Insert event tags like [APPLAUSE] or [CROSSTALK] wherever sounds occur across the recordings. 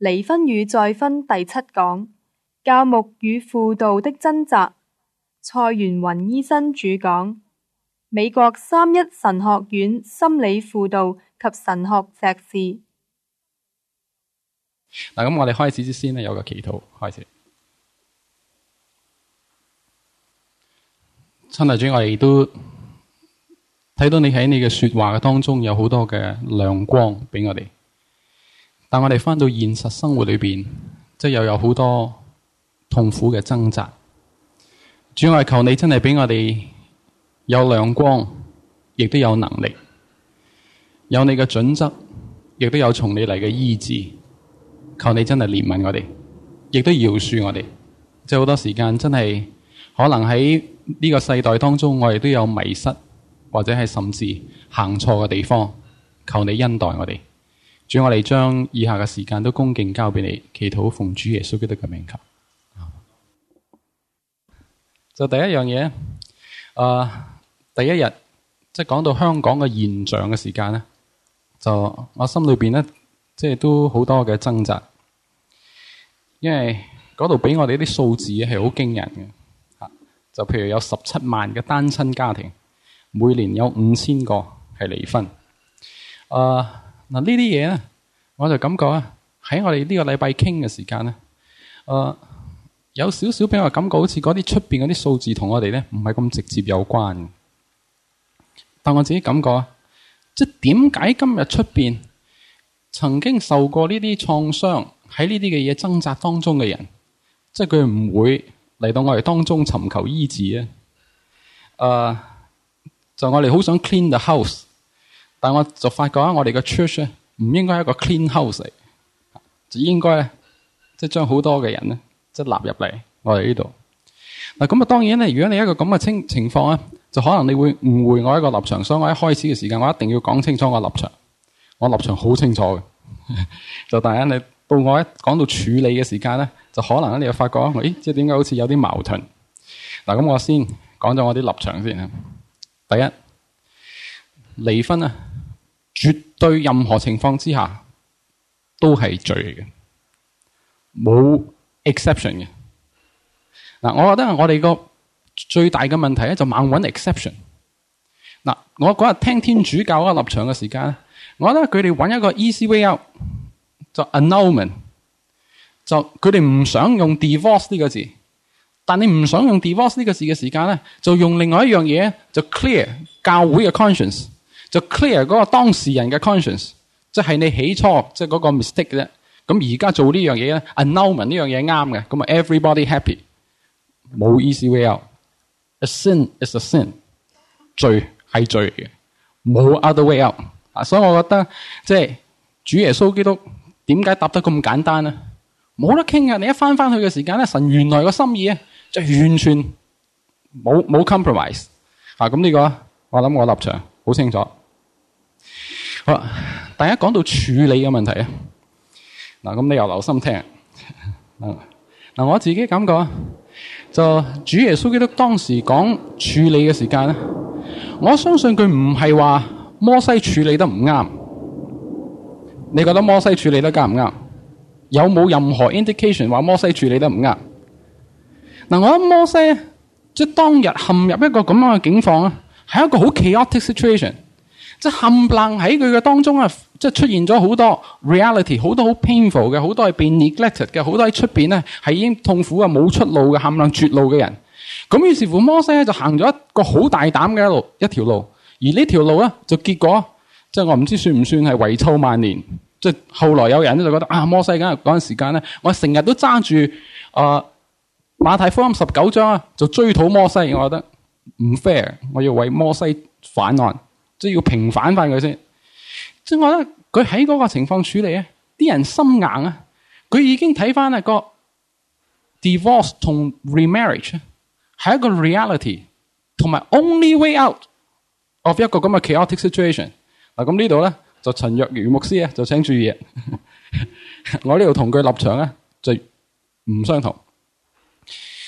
離婚與再婚第七講：教牧與輔導的掙扎。蔡元雲醫生主講，美國三一神學院心理輔導及神學碩士。嗱，咁我哋開始之先咧，有個祈禱開始。親愛主，我哋都睇到你喺你嘅說話當中有好多嘅亮光畀我哋。但我哋返到現實生活裏邊，即係又有好多痛苦嘅掙扎。主啊，求你真係俾我哋有亮光，亦都有能力，有你嘅準則，亦都有從你嚟嘅醫治。求你真係憐憫我哋，亦都饒恕我哋。即係好多時間真係，可能喺呢個世代當中，我哋都有迷失，或者係甚至行錯嘅地方。求你恩待我哋。主，我哋將以下嘅時間都恭敬交俾你，祈禱奉主耶穌基督嘅名求。嗯、就第一樣嘢，誒、呃，第一日即係講到香港嘅現象嘅時間咧，就我心裏邊咧，即、就、係、是、都好多嘅掙扎，因為嗰度俾我哋啲數字係好驚人嘅，吓，就譬如有十七萬嘅單親家庭，每年有五千個係離婚，誒、呃。嗱呢啲嘢咧，我就感覺啊，喺我哋呢個禮拜傾嘅時間咧，誒、呃、有少少俾我感覺好似嗰啲出邊嗰啲數字同我哋咧唔係咁直接有關。但我自己感覺啊，即係點解今日出邊曾經受過呢啲創傷，喺呢啲嘅嘢掙扎當中嘅人，即係佢唔會嚟到我哋當中尋求醫治咧？誒、呃，就我哋好想 clean the house。但我就發覺啊，我哋嘅 church 唔應該係一個 clean house 嚟，就應該咧即係將好多嘅人咧即係納入嚟我哋呢度。嗱咁啊，當然咧，如果你一個咁嘅清情況咧，就可能你會誤會我一個立場，所以我一開始嘅時間，我一定要講清楚我立場。我立場好清楚嘅，就大家你到我一講到處理嘅時間咧，就可能你又發覺啊，咦，即係點解好似有啲矛盾？嗱，咁我先講咗我啲立場先啊。第一，離婚啊。絕對任何情況之下都係罪嘅，冇 exception 嘅。嗱，我覺得我哋個最大嘅問題咧，就猛揾 exception。嗱，我嗰日聽天主教嗰個立場嘅時間咧，我覺得佢哋揾一個 easy way out 就 annulment，就佢哋唔想用 divorce 呢個字，但你唔想用 divorce 呢個字嘅時間咧，就用另外一樣嘢就 clear 教會嘅 conscience。就 clear 嗰個當事人嘅 conscience，即係你起初，即係嗰個 mistake 啫。咁而家做呢樣嘢咧，annulment 呢樣嘢啱嘅，咁啊 everybody happy，冇 easy way out。A sin is a sin，罪係罪，冇 other way out。啊，所以我覺得即係、就是、主耶穌基督點解答得咁簡單咧？冇得傾嘅。你一翻翻去嘅時間咧，神原來個心意呢，就完全冇冇 compromise。啊，咁呢、這個我諗我立場好清楚。好，大家講到處理嘅問題啊，嗱，咁你又留心聽，嗱，我自己感覺就主耶穌基督當時講處理嘅時間咧，我相信佢唔係話摩西處理得唔啱。你覺得摩西處理得啱唔啱？有冇任何 indication 話摩西處理得唔啱？嗱，我覺得摩西即當日陷入一個咁樣嘅境況啊，係一個好 chaotic situation。即係冚唪唥喺佢嘅當中啊，即係出現咗好多 reality，好多好 painful 嘅，好多係被 neglected 嘅，好多喺出邊咧係已經痛苦啊、冇出路嘅，冚唪唥絕路嘅人。咁於是乎摩西咧就行咗一個好大膽嘅一路一條路，而呢條路咧就結果即係我唔知算唔算係遺臭萬年。即係後來有人就覺得啊，摩西咁嗰陣時間咧，我成日都揸住啊馬太福音十九章啊，就追討摩西，我覺得唔 fair，我要為摩西反案。即係要平反翻佢先，即係我覺得佢喺嗰個情況處理啊，啲人心硬啊，佢已經睇翻啊個 divorce 同 remarriage，係一個 reality 同埋 only way out of 一個咁嘅 chaotic situation 嗱。咁呢度咧就陳若如牧師啊，就請注意，我呢度同佢立場呢，就唔相同。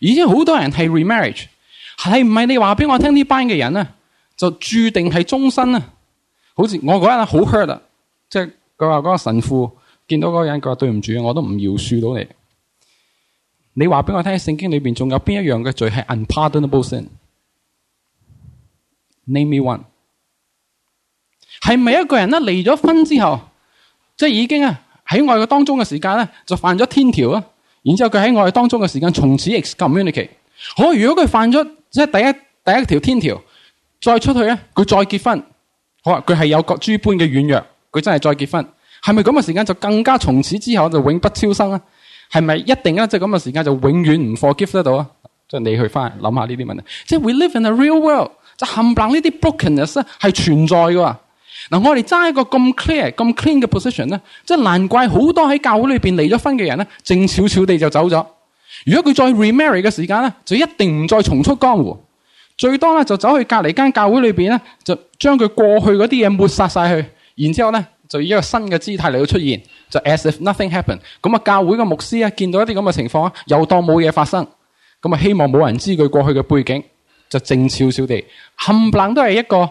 已經好多人係 remarriage，係唔係你話俾我聽，呢班嘅人呢，就注定係終身啊？好似我嗰日好 hurt 啊，即係佢話嗰個神父見到嗰個人，佢話對唔住啊，我都唔饒恕到你。你話俾我聽，聖經裏邊仲有邊一樣嘅罪係 unpardonable sin？Name me one。係咪一個人呢？離咗婚之後，即係已經啊喺愛嘅當中嘅時間咧，就犯咗天條啊？然之後佢喺我哋當中嘅時間，從此 excommunicate。好，如果佢犯咗即係第一第一條天條，再出去咧，佢再結婚，好啊，佢係有各諸般嘅軟弱，佢真係再結婚，係咪咁嘅時間就更加從此之後就永不超生啊？係咪一定啊？即係咁嘅時間就永遠唔 forgive 得到啊？即係你去翻諗下呢啲問題。即係 we live in a real world，就冚唪冷呢啲 brokenness 係存在㗎。嗱，我哋揸一個咁 clear、咁 clean 嘅 position 咧，即係難怪好多喺教會裏邊離咗婚嘅人咧，靜悄悄地就走咗。如果佢再 remarry 嘅時間咧，就一定唔再重出江湖，最多咧就走去隔離間教會裏邊咧，就將佢過去嗰啲嘢抹殺晒去，然之後咧就以一個新嘅姿態嚟到出現，就 as if nothing happened。咁啊，教會嘅牧師啊，見到一啲咁嘅情況啊，又當冇嘢發生，咁啊，希望冇人知佢過去嘅背景，就靜悄悄地冚唪唥都係一個。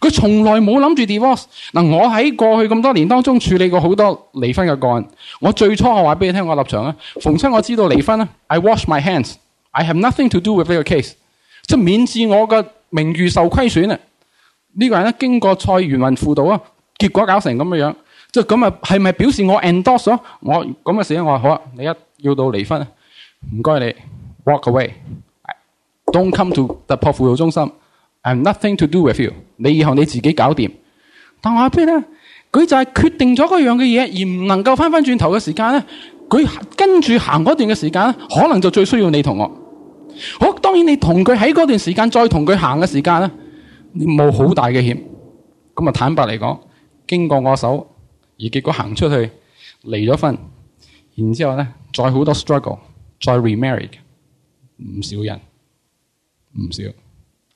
佢從來冇諗住 divorce。嗱，我喺過去咁多年當中處理過好多離婚嘅個案。我最初我話俾你聽我立場啊，逢親我知道離婚啊。I wash my hands, I have nothing to do with 呢個 case，即係免治我嘅名譽受虧損啊。呢、這個人咧經過蔡元雲輔導啊，結果搞成咁樣樣，即係咁啊，係咪表示我 endorse？我咁嘅事我話好啊，你一要到離婚啊，唔該你 walk away，don't come to 突破輔導中心 I'm nothing to do with you，你以後你自己搞掂。但係邊咧，佢就係決定咗嗰樣嘅嘢，而唔能夠翻翻轉頭嘅時間咧，佢跟住行嗰段嘅時間咧，可能就最需要你同我。好，當然你同佢喺嗰段時間，再同佢行嘅時間咧，你冇好大嘅險。咁啊，坦白嚟講，經過我手，而結果行出去，離咗婚，然之後咧，再好多 struggle，再 remarry 嘅，唔少人，唔少。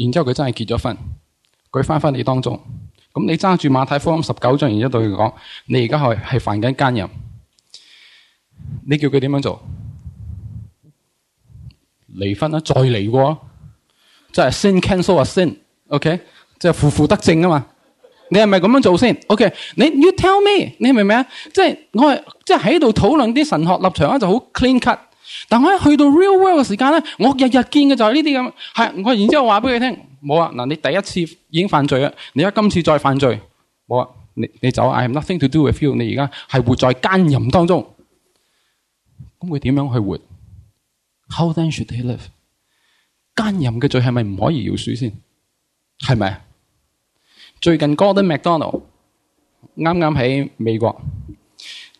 然之後佢真係結咗婚，佢翻返嚟當中，咁你揸住馬太福音十九章，然之後對佢講：你而家係係犯緊奸淫，你叫佢點樣做？離婚啦，再離過，即係先 cancel 啊先，OK，即係負負得正啊嘛。你係咪咁樣做先？OK，你 You tell me，你明唔明啊？即係我即係喺度討論啲神學立場啊，就好 clean cut。但我一去到 real world 嘅時間咧，我日日見嘅就係呢啲咁，係我然之後話俾佢聽，冇啊，嗱你第一次已經犯罪啦，你而家今次再犯罪，冇啊，你你走，I have nothing to do with you，你而家係活在奸淫當中，咁會點樣去活？How then should he live？奸淫嘅罪係咪唔可以饒恕先？係咪啊？最近 Gordon MacDonald 啱啱喺美國。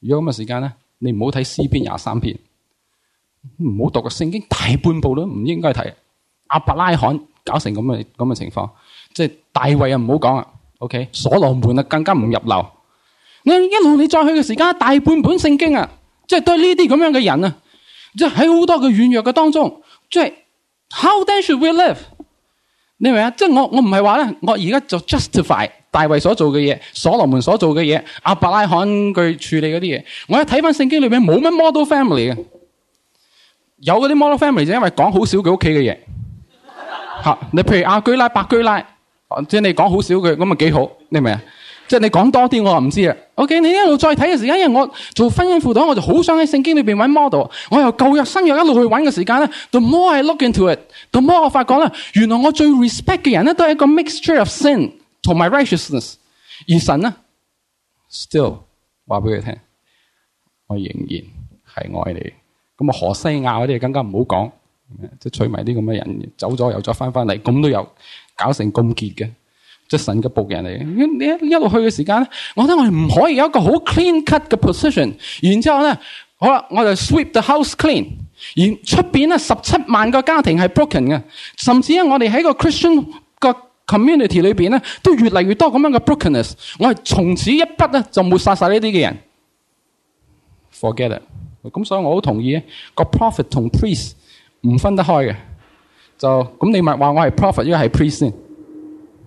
如果咁嘅時間咧，你唔好睇詩篇廿三篇，唔好讀個聖經大半部都唔應該睇。阿伯拉罕搞成咁嘅咁嘅情況，即係大衛啊唔好講啊，OK，所羅門啊更加唔入流。你一路你再去嘅時間，大半本聖經啊，即係對呢啲咁樣嘅人啊，即係喺好多嘅軟弱嘅當中，即係 How then should we live？你明唔明啊？即係我我唔係話咧，我而家，就 justify 大衛所做嘅嘢，所羅門所做嘅嘢，亞伯拉罕佢處理嗰啲嘢，我一睇翻聖經裏邊冇乜 model family 嘅，有嗰啲 model family 就因為講好少佢屋企嘅嘢，吓 [LAUGHS] 你譬如亞居拉、百基拉，即係你講好少佢，咁咪幾好？你明唔明啊？即係你講多啲，我唔知啦。OK，你一路再睇嘅時間，因為我做婚姻輔導，我就好想喺聖經裏邊揾 model。我由舊約新約一路去揾嘅時間咧，the more I look into it，the more 我發覺呢，原來我最 respect 嘅人咧都係一個 mixture of sin 同埋 righteousness。而神咧，still 話俾佢聽，我仍然係愛你。咁啊，何西亞嗰啲更加唔好講，即係取埋啲咁嘅人走咗又再翻翻嚟，咁都有搞成咁結嘅。即神嘅僕人嚟，你一一路去嘅時間咧，我覺得我哋唔可以有一個好 clean cut 嘅 position，然之後咧，好啦，我就 sweep the house clean，而出邊咧十七萬個家庭係 broken 嘅，甚至呢，我哋喺個 Christian 個 community 裏邊咧，都越嚟越多咁樣嘅 brokenness，我係從此一筆咧就抹殺晒呢啲嘅人，forget it，咁所以我好同意咧，個 prophet 同 priest 唔分得開嘅，就咁你咪話我係 prophet 因為係 priest 先。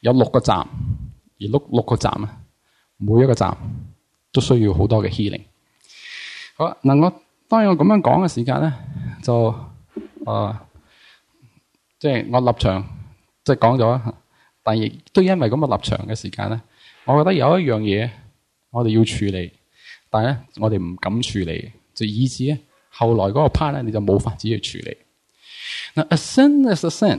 有六個站，而碌六個站啊，每一個站都需要好多嘅 healing。好啦，嗱我當然我咁樣講嘅時間咧，就誒，即係我立場即係講咗，但亦都因為咁嘅立場嘅時間咧，我覺得有一樣嘢我哋要處理，但係咧我哋唔敢處理，就以致咧後來嗰個 part 咧你就冇法子去處理。嗱，a sin is a sin。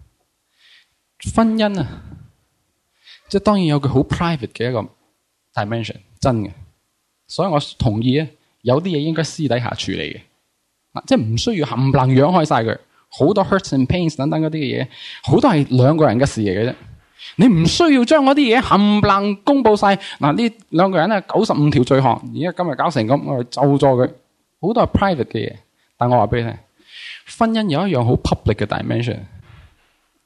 婚姻啊，即係當然有佢好 private 嘅一個 dimension，真嘅。所以我同意咧，有啲嘢應該私底下處理嘅，即係唔需要冚唪唥揚開晒佢。好多 hurts and pains 等等嗰啲嘅嘢，好多係兩個人嘅事嚟嘅啫。你唔需要將嗰啲嘢冚唪唥公布晒。嗱，呢兩個人咧九十五條罪行，而家今日搞成咁，我嚟救助佢。好多係 private 嘅嘢，但我話俾你聽，婚姻有一樣好 public 嘅 dimension。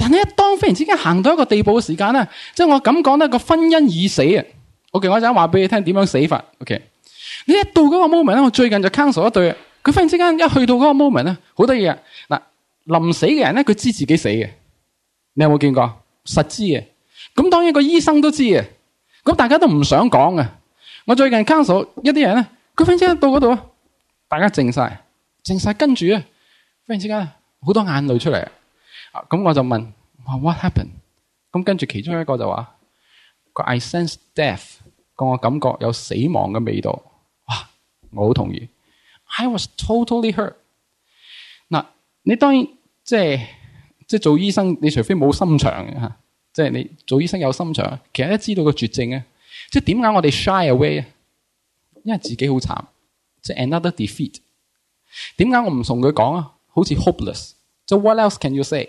但係一當忽然之間行到一個地步嘅時間咧，即係我咁講咧個婚姻已死啊！OK，我陣間話俾你聽點樣死法？OK，你一到嗰個 moment 咧，我最近就 counsel 一對，佢忽然之間一去到嗰個 moment 咧，好得意啊。嗱，臨死嘅人咧，佢知自己死嘅，你有冇見過？實知嘅。咁當然個醫生都知嘅。咁大家都唔想講嘅。我最近 counsel 一啲人咧，佢忽然之間到嗰度啊，大家靜晒，靜晒跟住啊，忽然之間好多眼淚出嚟。咁、嗯、我就問：What happened？咁、嗯、跟住其中一個就話：I sense death，個我感覺有死亡嘅味道。哇！我好同意。I was totally hurt、嗯。嗱，你當然即係即係做醫生，你除非冇心腸嘅嚇，即係你做醫生有心腸，其實都知道個絕症。即係點解我哋 shy away 啊？因為自己好慘，即係 another defeat。點解我唔同佢講啊？好似 hopeless、so。即 what else can you say？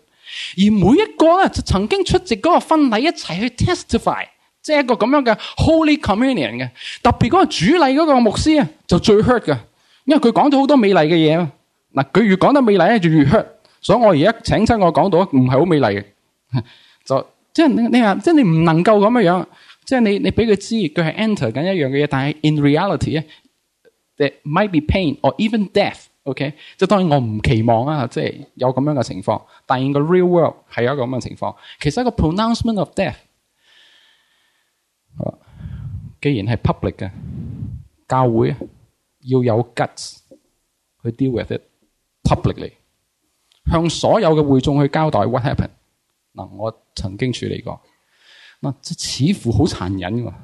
而每一個咧就曾經出席嗰個婚禮一齊去 testify，即係一個咁樣嘅 Holy Communion 嘅，特別嗰個主禮嗰個牧師啊就最 hurt 噶，因為佢講咗好多美麗嘅嘢，啊，嗱，佢越講得美麗咧就越，越 hurt，所以我而家請親我講到唔係好美麗嘅，就即係、即係、你你話即係你唔能夠咁樣樣，即、就、係、係、你你俾佢知佢係 enter 緊一樣嘅嘢，但係 in reality 咧，there might be pain or even death。OK，即當然我唔期望啊，即係有咁樣嘅情況，但係個 real world 係有一個咁嘅情況。其實一個 pronouncement of death，既然係 public 嘅教會要有 guts 去 deal with it publicly，向所有嘅會眾去交代 what happened 嗱。我曾經處理過嗱，即似乎好殘忍啊。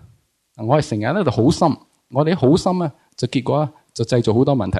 我哋成日喺度好心，我哋好心啊，就結果就製造好多問題。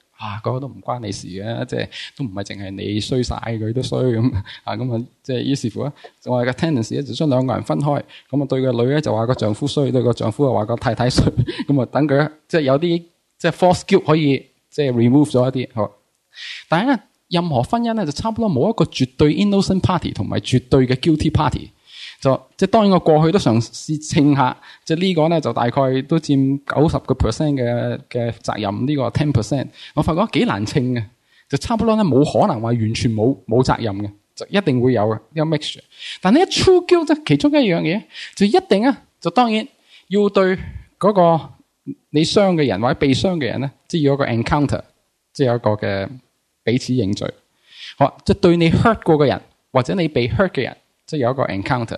啊，個個都唔關你事嘅，即係都唔係淨係你衰晒，佢都衰咁。啊，咁啊，即係於是乎咧，我哋嘅 tendency 咧就將兩個人分開。咁啊，對個女咧就話個丈夫衰，對個丈夫啊話個太太衰。咁啊，等佢即係有啲即係 false guilt 可以即係、就是、remove 咗一啲。好。但係咧，任何婚姻咧就差唔多冇一個絕對 innocent party 同埋絕對嘅 guilty party。就即係當然，我過去都嘗試稱下，即係呢個咧就大概都佔九十個 percent 嘅嘅責任。呢個 ten percent，我發覺幾難稱嘅，就差唔多呢冇可能話完全冇冇責任嘅，就一定會有嘅，呢個 mixture。但呢一 true guilt 即係其中一樣嘢，就一定啊就當然要對嗰個你傷嘅人或者被傷嘅人咧，即係要有一個 encounter，即係有一個嘅彼此認罪。好，即係對你 hurt 過嘅人或者你被 hurt 嘅人，即係有一個 encounter。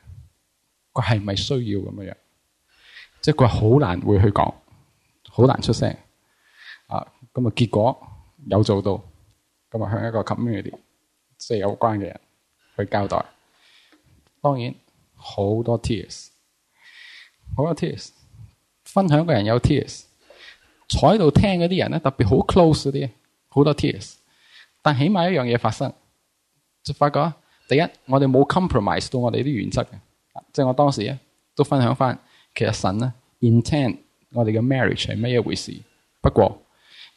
佢係咪需要咁樣樣？即係佢好難會去講，好難出聲啊。咁啊，結果有做到咁啊，向一個 community 即係有關嘅人去交代。當然好多 tears，好多 tears。分享嘅人有 tears，坐喺度聽嗰啲人咧，特別好 close 嗰啲，好多 tears。但起碼一樣嘢發生就發覺，第一我哋冇 compromise 到我哋啲原則嘅。即係我當時咧，都分享翻，其實神咧 intent 我哋嘅 marriage 係咩一回事。不過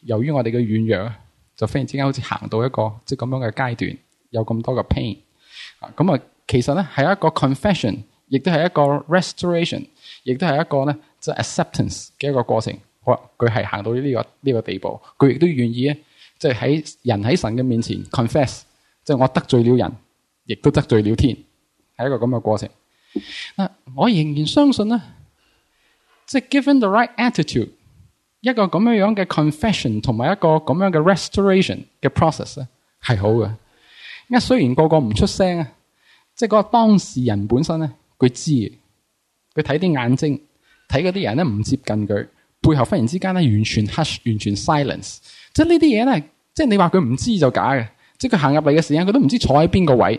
由於我哋嘅軟弱，就忽然之間好似行到一個即係咁樣嘅階段，有咁多嘅 pain。咁啊，其實咧係一個 confession，亦都係一個 restoration，亦都係一個咧即係 acceptance 嘅一個過程。好，佢係行到呢個呢個地步，佢亦都願意咧即係喺人喺神嘅面前 confess，即係我得罪了人，亦都得罪了天，係一個咁嘅過程。嗱，我仍然相信咧，即係 given the right attitude，一個咁樣樣嘅 confession 同埋一個咁樣嘅 restoration 嘅 process 咧係好嘅。因為雖然個個唔出聲啊，即係嗰個當事人本身咧，佢知，佢睇啲眼睛睇嗰啲人咧唔接近佢，背後忽然之間咧完全 hush，完全 silence，即係呢啲嘢咧，即係你話佢唔知就假嘅。即係佢行入嚟嘅時間，佢都唔知坐喺邊個位。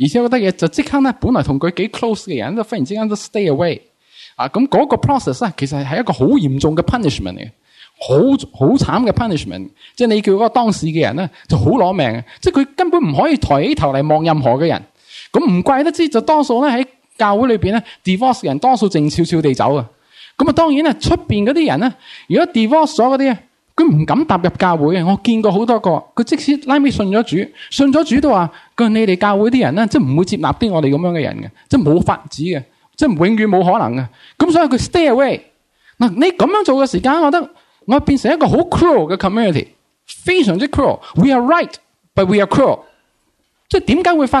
而且我覺得嘢就即刻咧，本來同佢幾 close 嘅人都忽然之間都 stay away，啊咁嗰個 process 咧、啊，其實係一個好嚴重嘅 punishment 嚟，好好慘嘅 punishment，即係你叫嗰個當事嘅人咧，就好攞命，即係佢根本唔可以抬起頭嚟望任何嘅人。咁唔怪得知，就多數咧喺教會裏面咧，divorce 嘅人多數靜悄悄地走啊。咁啊，當然咧，出面嗰啲人咧，如果 divorce 咗嗰啲啊。佢唔敢踏入教會嘅，我見過好多個，佢即使拉尾信咗主，信咗主都話，佢你哋教會啲人咧，即係唔會接納啲我哋咁樣嘅人嘅，即係冇法子嘅，即係永遠冇可能嘅。咁所以佢 stay away。嗱，你咁樣做嘅時間，我覺得我變成一個好 cruel 嘅 community，非常之 cruel。We are right，but we are cruel。即係點解會發？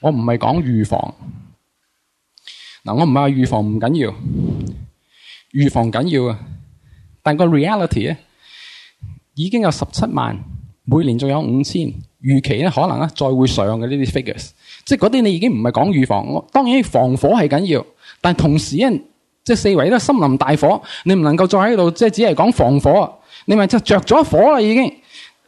我唔係講預防，嗱我唔係話預防唔緊要，預防緊要啊！但個 reality 咧，已經有十七萬，每年仲有五千，預期咧可能咧再會上嘅呢啲 figures，即係嗰啲你已經唔係講預防，我當然防火係緊要，但同時咧，即係四圍都森林大火，你唔能夠再喺度即係只係講防火啊。你咪就着咗火啦已經。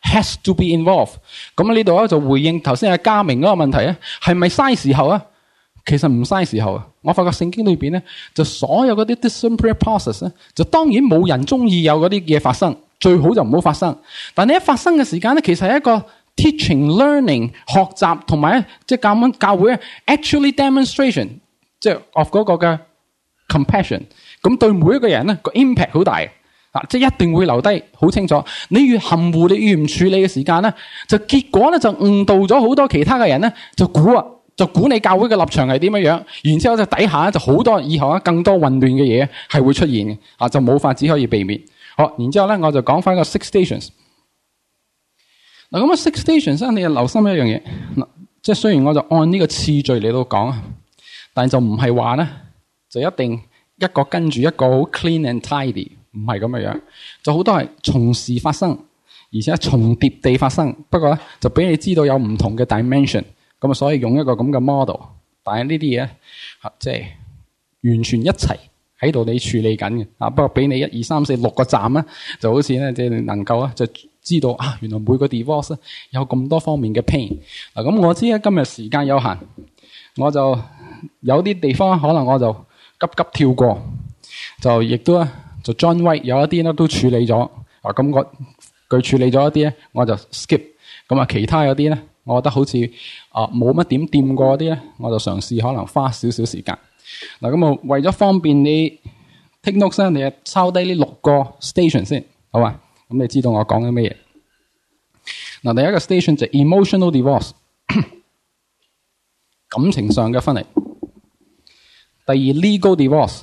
has to be involved。咁呢度咧就回應頭先阿嘉明嗰個問題啊，係咪嘥時候啊？其實唔嘥時候啊。我發覺聖經裏邊咧，就所有嗰啲 disciplinary process 咧，就當然冇人中意有嗰啲嘢發生，最好就唔好發生。但係你一發生嘅時間咧，其實係一個 teaching learning 學習同埋即係教教會 actually demonstration 即係 of 嗰個嘅 compassion。咁對每一個人咧個 impact 好大。即係一定會留低，好清楚。你越含糊，你越唔處理嘅時間咧，就結果咧就誤導咗好多其他嘅人咧，就估啊，就估你教會嘅立場係點樣樣。然之後就底下就好多以後啊，更多混亂嘅嘢係會出現嘅啊，就冇法子可以避免。好，然之後咧我就講翻個 six stations。嗱，咁啊 six stations，你又留心一樣嘢，即係雖然我就按呢個次序嚟到講啊，但就唔係話咧就一定一個跟住一個好 clean and tidy。唔係咁嘅樣，就好多係同時發生，而且重疊地發生。不過咧就俾你知道有唔同嘅 dimension，咁啊，所以用一個咁嘅 model。但係呢啲嘢即係完全一齊喺度你處理緊嘅啊。不過俾你一二三四六個站咧，就好似咧即係能夠啊，就知道啊，原來每個 divorce 有咁多方面嘅 pain 嗱。咁我知啊，今日時間有限，我就有啲地方可能我就急急跳過，就亦都啊。就 join way 有一啲咧都處理咗，啊咁我佢處理咗一啲咧，我就 skip，咁啊其他有啲咧，我覺得好似啊冇乜點掂過啲咧，我就嘗試可能花少少時間。嗱咁啊，我為咗方便你 take notes 你啊抄低呢六個 station 先，好嘛？咁你知道我講緊咩嘢？嗱、啊，第一個 station 就 emotional divorce， [COUGHS] 感情上嘅分離；第二 legal divorce。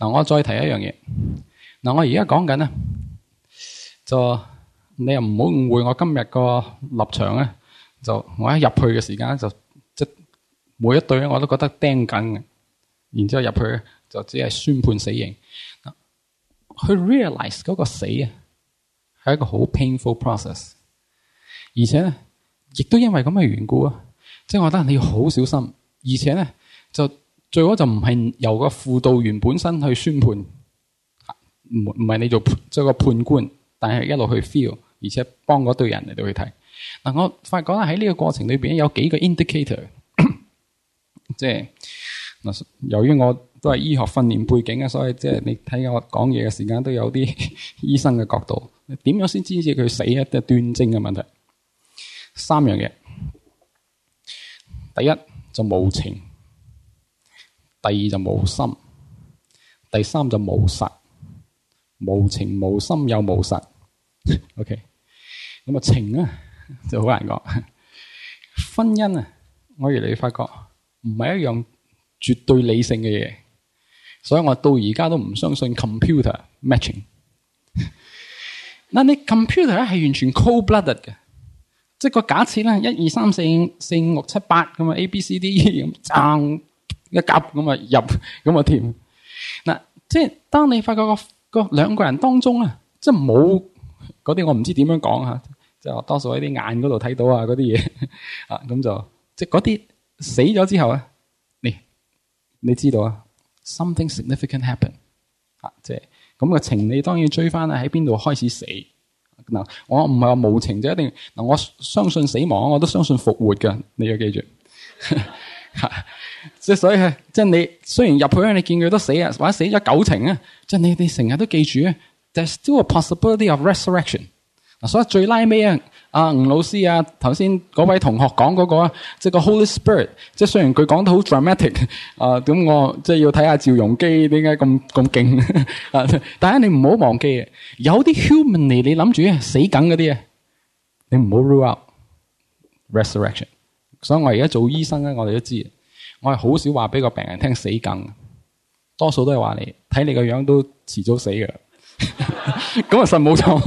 嗱，我再提一樣嘢。嗱，我而家講緊咧，就你又唔好誤會我今日個立場啊。就我一入去嘅時間就即每一對我都覺得盯緊嘅，然之後入去就只係宣判死刑。去 realise 嗰個死啊，係一個好 painful process。而且咧，亦都因為咁嘅緣故啊，即係我覺得你要好小心，而且咧就。最好就唔係由個輔導員本身去宣判，唔唔係你做即係、就是、個判官，但係一路去 feel，而且幫嗰對人嚟到去睇。嗱，我發覺喺呢個過程裏邊有幾個 indicator，即係由於我都係醫學訓練背景啊，所以即係你睇我講嘢嘅時間都有啲醫生嘅角度。點樣先知知佢死？一啲係斷症嘅問題，三樣嘢，第一就無情。第二就冇心，第三就冇實，無情無心又無實。 [LAUGHS] OK，咁啊、嗯、情啊就好難講。婚姻啊，我越嚟越發覺唔係一樣絕對理性嘅嘢，所以我到而家都唔相信 computer matching。嗱， [LAUGHS] 你 computer 係完全 cold blooded 嘅，即係個假設咧，一二三四四五六七八咁啊，A B C D E 咁爭。一夾咁啊入咁啊添嗱即係當你發覺、嗰個兩個人當中啊，即係冇嗰啲我唔知點樣講吓、啊，即係多數喺啲眼嗰度睇到啊嗰啲嘢啊，咁、嗯、就即係嗰啲死咗之後啊，你你知道啊，something significant happen 啊，即係咁、嗯嗰個情你當然追翻啊喺邊度開始死嗱、啊，我唔係話無情就一定嗱、啊，我相信死亡，我都相信復活嘅，你要記住。啊即 [LAUGHS] 所以係，即、就是、你雖然入去你見佢都死啊，或者死咗九成啊，即你哋成日都記住啊，there's still a possibility of resurrection。嗱，所以最拉尾啊，阿吳老師啊，頭先嗰位同學講嗰、那個啊，即、就是、個 Holy Spirit，即雖然佢講得好 dramatic，啊，咁我即、就是、要睇下趙容基點解咁咁勁， [LAUGHS] 但係你唔好忘記啊，有啲 humanity 你諗住死梗嗰啲啊，你唔好 rule out resurrection。所以我而家做醫生咧，我哋都知，我係好少話俾個病人聽死梗，多數都係話你睇你個樣都遲早死嘅。咁啊 [LAUGHS] [LAUGHS] 實冇錯，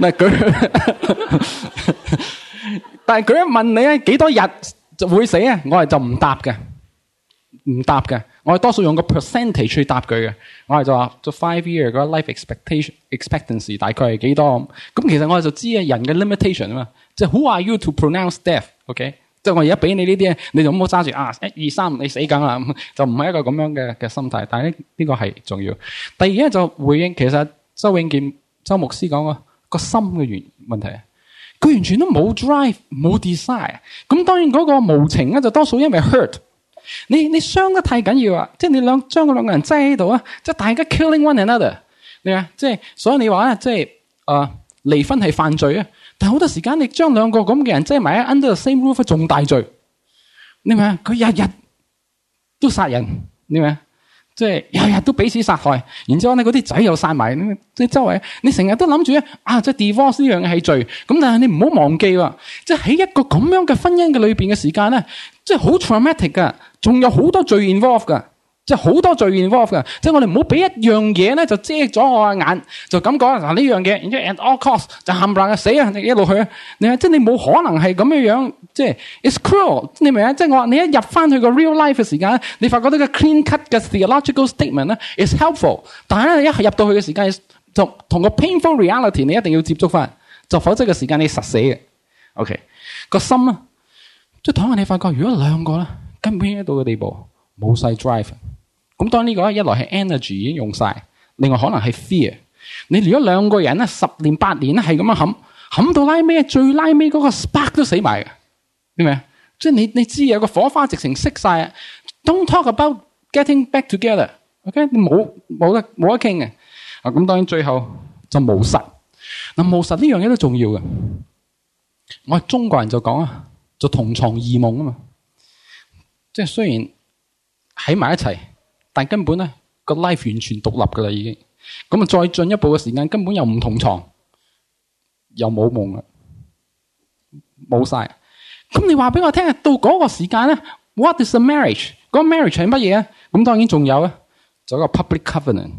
嗱佢，但係佢 [LAUGHS] 一問你啊，幾多日就會死啊？我係就唔答嘅，唔答嘅，我係多數用個 percentage 去答佢嘅。我係就話就 five year 個 life expectation expectancy 大概係幾多咁。其實我係就知啊，人嘅 limitation 啊嘛，即係 who are you to pronounce death？OK。即係我而家俾你呢啲，你就唔好揸住啊！一二三，你死梗啦，就唔係一個咁樣嘅嘅心態。但係呢，呢個係重要。第二咧就回應，其實周永健周牧師講個心嘅原問題，佢完全都冇 drive，冇 desire。咁當然嗰個無情咧就多數因為 hurt。你你傷得太緊要啊！即係你兩將個兩個人擠喺度啊！即係大家 killing one another。你話，即係所以你話咧，即係啊離婚係犯罪啊！但好多時間，你將兩個咁嘅人擠埋 under the same roof，仲大罪。你明唔明？佢日日都殺人，你明？即係日日都彼此殺害。然之後咧，嗰啲仔又殺埋，即係周圍。你成日、就是、都諗住啊，即、就、係、是、divorce 呢樣係罪。咁但係你唔好忘記喎，即係喺一個咁樣嘅婚姻嘅裏邊嘅時間咧，即、就、係、是、好 traumatic 噶，仲有好多罪 involved 噶。即係好多罪 involve 嘅，即係我哋唔好俾一樣嘢咧就遮咗我嘅眼，就咁講嗱呢樣嘢、啊，然之後 at all cost 就冚唪唥死啊，你一路去啊，你睇即係你冇可能係咁樣樣，即係 it's cruel，你明啊？即係我話你一入翻去個 real life 嘅時間，你發覺到個 clean cut 嘅 theological statement 咧，it's helpful，但係一入到去嘅時間就同個 painful reality 你一定要接觸翻，就否則嘅時間你實死嘅，OK？個心咧，即係睇下你發覺，如果兩個咧根本已經到個地步冇晒 drive。咁當呢個咧，一來係 energy 已經用晒，另外可能係 fear。你如果兩個人咧十年八年咧係咁樣冚冚到拉尾，最拉尾嗰個 spark 都死埋嘅，明唔明啊？即係你你知有個火花直情熄晒啊！Don't talk about getting back together，OK？冇冇得冇得傾嘅。啊，咁當然最後就冇實。嗱，冇實呢樣嘢都重要嘅。我哋中國人就講啊，就同床異夢啊嘛。即係雖然喺埋一齊。但根本咧個 life 完全獨立㗎啦，已經咁啊！再進一步嘅時間，根本又唔同床，又冇夢啦，冇晒。咁你話俾我聽啊！到嗰個時間咧，What is the marriage？嗰個 marriage 係乜嘢啊？咁當然仲有啊，就個 public covenant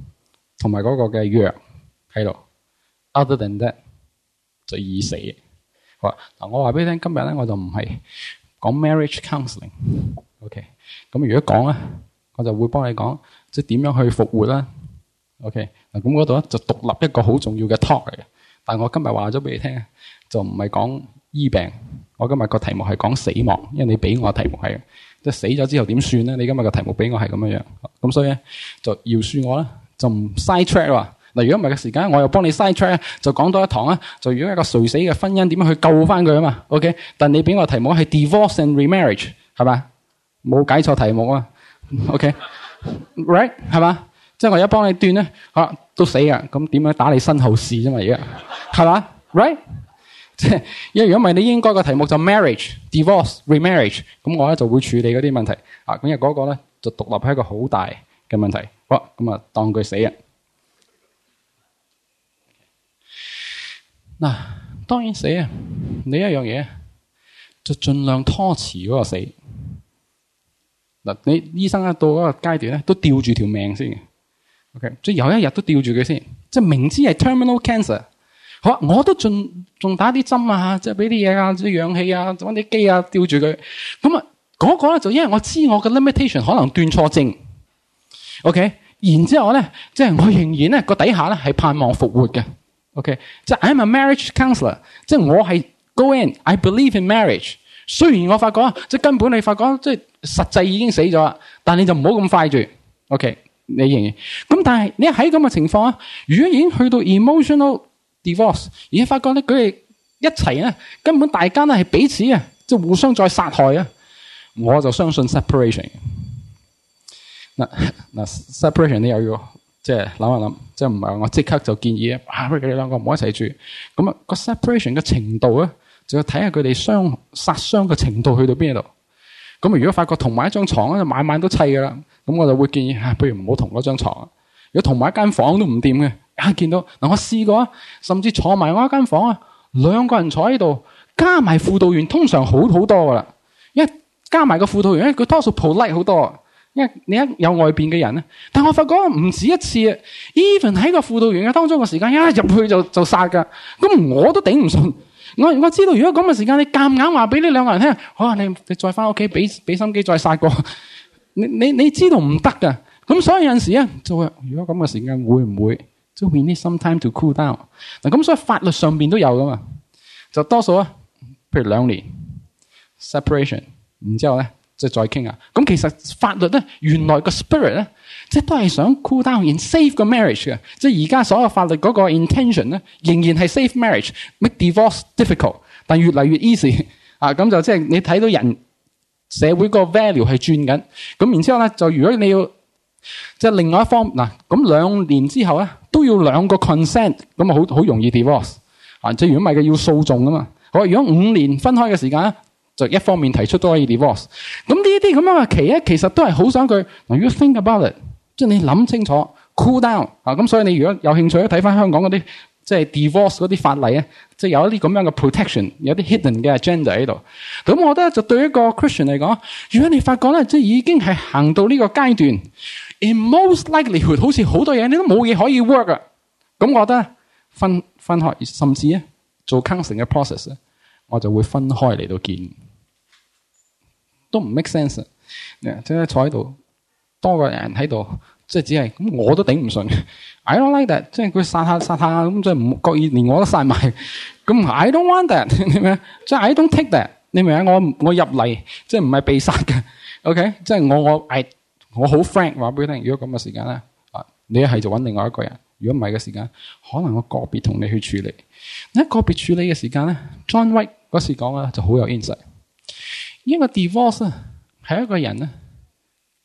同埋嗰個嘅約喺度。Other than that，就已死。嗱，我話俾你聽，今日咧我就唔係講 marriage counselling。OK，咁如果講咧。我就會幫你講，即係點樣去復活啦、啊。OK 嗱，咁嗰度咧就獨立一個好重要嘅 talk 嚟嘅。但係我今日話咗俾你聽，就唔係講醫病。我今日個題目係講死亡，因為你俾我嘅題目係即係死咗之後點算咧？你今日個題目俾我係咁樣樣咁，所以咧就饒恕我啦，就唔 side track 嗱，如果唔係嘅時間，我又幫你 side track，就講多一堂啦。就如果一個垂死嘅婚姻點樣去救翻佢啊？嘛，OK。但你俾我嘅題目係 divorce and remarriage 係咪？冇解錯題目啊！OK，right，係嘛？即係我而家幫你斷咧，吓都死啊，咁點樣打你身後事啫嘛？而家係嘛？right，即係因為如果唔係你應該個題目就 marriage、divorce、remarriage，咁我咧就會處理嗰啲問題。啊，咁日嗰個咧就獨立係一個好大嘅問題。好，咁啊當佢死啊。嗱，當然死啊！你一樣嘢就盡量拖遲嗰個死。你醫生到嗰個階段咧，都吊住條命，okay? 先嘅，OK。即係有一日都吊住佢先，即係明知係 terminal cancer，好，我都仲仲打啲針啊，即係俾啲嘢啊，啲氧氣啊，搵啲機啊吊住佢。咁啊，嗰個咧就因為我知我嘅 limitation 可能斷錯症，OK 然。然之後咧，即係我仍然咧個底下咧係盼望復活嘅，OK。即、so、係 I'm a marriage counsellor，即係我係 go in，I believe in marriage。雖然我發覺，即係根本你發覺，即係實際已經死咗啦但你就唔好咁快住，OK？你認同？咁但係你喺咁嘅情況啊，如果已經去到 emotional divorce，已經發覺咧佢哋一齊咧根本大家咧係彼此啊，即係互相在殺害啊，我就相信 se 嗱嗱 separation。嗱嗱，separation 你又要即係諗一諗，即係唔係話我即刻就建議啊，佢哋兩個唔好一齊住，咁、那、啊個 separation 嘅程度咧。就要睇下佢哋傷殺傷嘅程度去到邊度。咁如果發覺同埋一張床呢，咧，晚晚都砌噶啦。咁我就會建議嚇，不如唔好同嗰張床。如果同埋一間房都唔掂嘅，啊見到嗱，我試過啊，甚至坐埋我一間房啊，兩個人坐喺度，加埋輔導員，通常好好多噶啦。因為加埋個輔導員，因為佢多數 polite 好多。因為你一有外邊嘅人咧，但我發覺唔止一次啊。even 喺個輔導員嘅當中嘅時間，一入去就就殺噶。咁我都頂唔順。我我知道，如果咁嘅時間，你夾硬話俾呢兩個人聽，嚇、啊、你你再翻屋企俾俾心機再殺過，你你你知道唔得嘅。咁所以有陣時啊，做如果咁嘅時間會唔會？就要啲 some time to cool down 咁所以法律上邊都有噶嘛，就多數啊，譬如兩年 separation，然之後咧即係再傾啊。咁其實法律咧原來個 spirit 咧。即係都係想 cool down，in save 個 marriage 嘅。即係而家所有法律嗰個 intention 咧，仍然係 save marriage，make divorce difficult，但越嚟越 easy。啊，咁就即係你睇到人社會嗰個 value 係轉緊。咁然之後咧，就如果你要即係另外一方嗱，咁、啊、兩年之後咧都要兩個 consent，咁啊好好容易 divorce。啊，即係如果唔係嘅要訴訟啊嘛。我話如果五年分開嘅時間咧，就一方面提出都可以 divorce。咁呢啲咁樣嘅期咧，其實都係好想佢。Now you think about it？即係你諗清楚，cool down 啊！咁所以你如果有興趣咧，睇翻香港嗰啲即係 divorce 嗰啲法例咧，即係有一啲咁樣嘅 protection，有啲 hidden 嘅 agenda 喺度。咁我覺得就對一個 Christian 嚟講，如果你發覺咧，即係已經係行到呢個階段，in most likelihood 會好似好多嘢你都冇嘢可以 work 啊！咁我覺得分分開，甚至咧做 counselling 嘅 process 咧，我就會分開嚟到見，都唔 make sense 啊！yeah，即係坐喺度。多個人喺度，即係只係，咁我都頂唔順。I don't like that，即係佢殺下殺下，咁即係唔覺意連我都殺埋。咁 I don't want that，咩？即、so、係 I don't take that，你明唔明？我我入嚟，即係唔係被殺嘅。OK，即係我我 I, 我好 frank 話俾你聽。如果咁嘅時間咧，啊，你一係就揾另外一個人，如果唔係嘅時間，可能我個別同你去處理。個別處理呢一個別處理嘅時間咧，John w r i c k 嗰時講嘅，就好有現實。呢個 divorce 係一個人咧。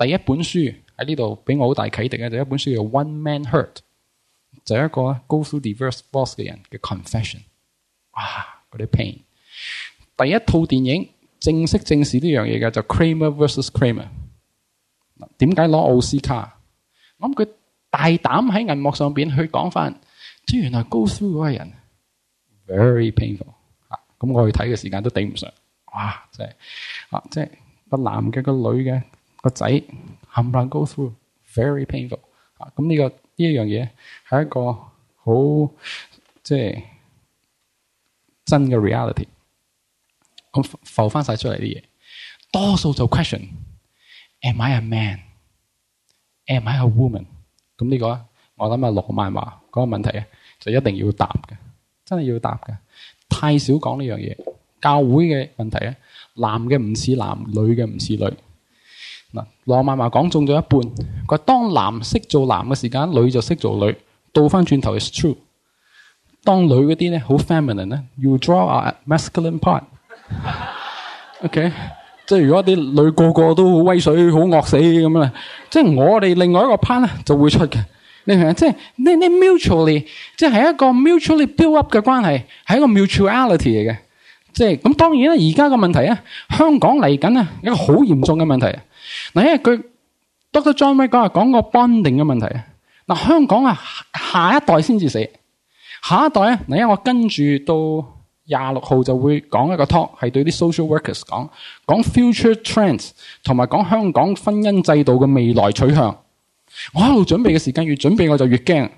第一本書喺呢度俾我好大啟迪嘅就係一本書叫《One Man Hurt》，就係一個 go through diverse boss 嘅人嘅 confession，哇！嗰啲 pain。第一套電影正式正視呢樣嘢嘅就係 vs.《Kramer vs. Kramer》。嗱，點解攞奧斯卡？我諗佢大膽喺銀幕上邊去講翻，原來 go through 嗰個人 very painful 咁、啊、我去睇嘅時間都頂唔上，哇！即、就、係、是、啊，即係個男嘅個女嘅。個仔冚唪唥 go through，very painful，啊！咁呢個呢一樣嘢係一個好即係真嘅 reality。咁、啊、浮翻晒出嚟啲嘢，多數就 question：Am I a man？Am I a woman？咁呢個我諗啊羅曼話嗰個問題就一定要答嘅，真係要答嘅。太少講呢樣嘢，教會嘅問題咧，男嘅唔似男，女嘅唔似女。嗱，羅曼話講中咗一半。佢話當男識做男嘅時間，女就識做女。倒翻轉頭 is true。當女嗰啲咧好 feminine 咧，you draw a masculine part。 [LAUGHS] OK，即係如果啲女個個都好威水、好惡死咁樣，即係我哋另外一個 part 咧就會出嘅。你明啊？即係呢呢 mutually，即係一個 mutually build up 嘅關係，係一個 mutuality 嚟嘅。即係咁，當然啦，而家嘅問題啊，香港嚟緊啊，一個好嚴重嘅問題。嗱，因為佢 Doctor John May 講話啊，講個 binding 嘅問題啊。嗱，香港啊，下一代先至死，下一代啊，嗱，因為我跟住到廿六號就會講一個 talk，係對啲 social workers 講，講 future trends 同埋講香港婚姻制度嘅未來取向。我喺度準備嘅時間越準備我就越驚。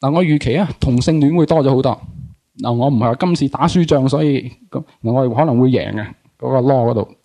嗱，我預期啊，同性戀會多咗好多。嗱，我唔係話今次打輸仗，所以咁，我可能會贏嘅嗰個 law 嗰度。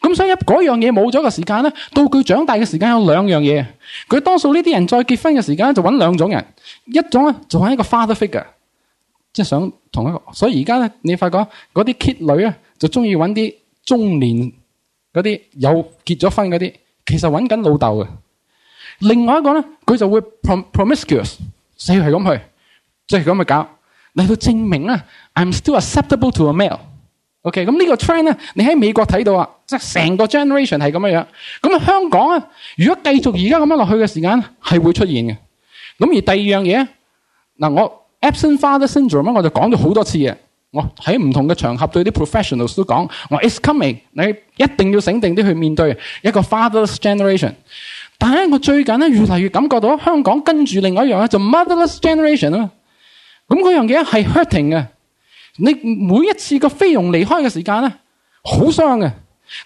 咁所以一嗰樣嘢冇咗嘅時間咧，到佢長大嘅時間有兩樣嘢，佢多數呢啲人再結婚嘅時間就揾兩種人，一種咧就係一個 father figure 即係想同一個，所以而家咧你發覺嗰啲 kid 女呢，就中意揾啲中年嗰啲有結咗婚嗰啲，其實揾緊老豆嘅。另外一個咧，佢就會 promiscuous，prom 死係咁去，即係咁去搞嚟到證明啊，I'm still acceptable to a male。OK，咁呢個 trend 咧，你喺美國睇到啊，即係成個 generation 係咁樣樣。咁香港咧，如果繼續而家咁樣落去嘅時間，係會出現嘅。咁而第二樣嘢，嗱我 absent father syndrome 我就講咗好多次嘅。我喺唔同嘅場合對啲 professionals 都講，我 it's coming，你一定要醒定啲去面對一個 fatherless generation。但係我最近咧越嚟越感覺到香港跟住另外一樣咧，就 motherless generation 啦。咁嗰樣嘢係 hurting 嘅。你每一次個菲傭離開嘅時間咧，好傷嘅。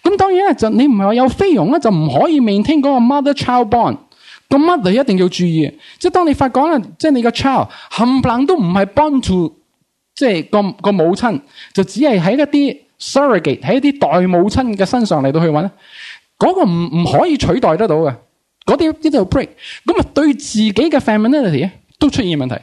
咁當然呢，就你唔係話有菲傭咧，就唔可以 Maintain 嗰個 Mother Child Bond。咁 mother 一定要注意，即係當你發覺啦，即、就是、你個 child 冚唪唥都唔係 bond to，即係個個母親，就只係喺一啲 surrogate 喺一啲代母親嘅身上嚟到去搵呢。嗰、嗰個唔唔可以取代得到嘅。嗰啲呢度 break，咁啊對自己嘅 femininity 都出現問題。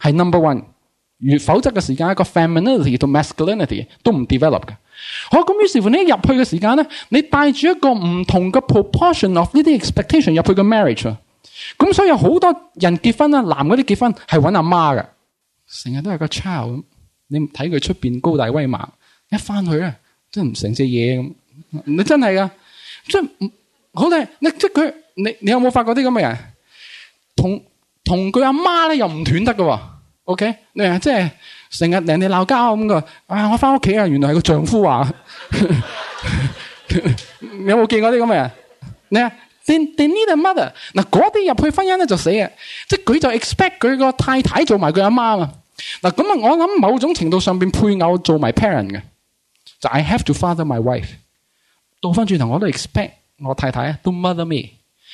係 number one，如否則嘅時、啊、時間，一個 femininity 同 masculinity 都唔 develop 嘅。好咁，於是乎你一入去嘅時間咧，你帶住一個唔同嘅 proportion of 呢啲 expectation 入去嘅 marriage 啊。咁所以有好多人結婚啦，男嗰啲結婚係揾阿媽㗎，成日都係個 child 咁。你睇佢出面高大威猛，一翻去咧真係唔成隻嘢咁。你真係㗎、啊，即係好靚。你即佢，你你有冇發覺啲咁嘅人同？同佢阿媽咧又唔斷得嘅喎，OK？你啊，即係成日人哋鬧交咁嘅。啊、哎，我翻屋企啊，原來係個丈夫話。 [LAUGHS] [LAUGHS] 你有冇見過啲咁嘅人？你啊 [LAUGHS] ，they, they need a mother。嗱，嗰啲入去婚姻咧就死嘅，即係佢就 expect 佢個太太做埋佢阿媽啊。嗱，咁啊，我諗某種程度上面配偶做埋 parent 嘅，就、so、I have to father my wife。倒翻轉頭，我都 expect 我太太都 mother me。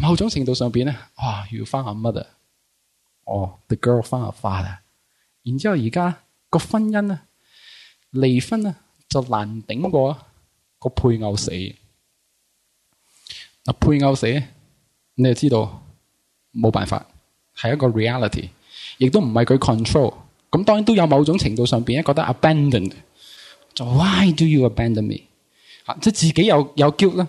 某種程度上邊咧，哇，要翻阿 mother，哦、oh,，the girl 翻阿花啊。然之後而家個婚姻啊，離婚啊，就難頂過個配偶死。嗱，配偶死，你就知道冇辦法，係一個 reality，亦都唔係佢 control。咁當然都有某種程度上邊覺得 abandoned，就、so、why do you abandon me？嚇，即係自己有有 guilt 啦。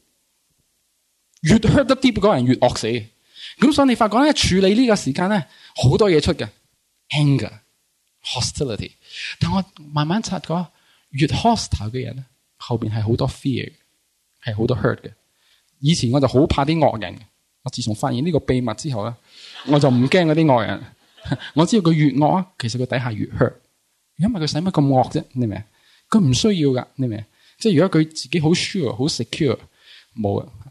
越 hurt 得啲，嗰個人越惡死。咁所以你發覺咧，處理呢個時間咧，好多嘢出嘅 anger hostility。但我慢慢察覺，越 hostile 嘅人咧，後邊係好多 fear，係好多 hurt 嘅。以前我就好怕啲惡人，我自從發現呢個秘密之後咧，我就唔驚嗰啲惡人。 [LAUGHS] 我知道佢越惡啊，其實佢底下越 hurt。因為佢使乜咁惡啫？你明？佢唔需要噶，你明？即係如果佢自己好 sure 好 secure，冇啊。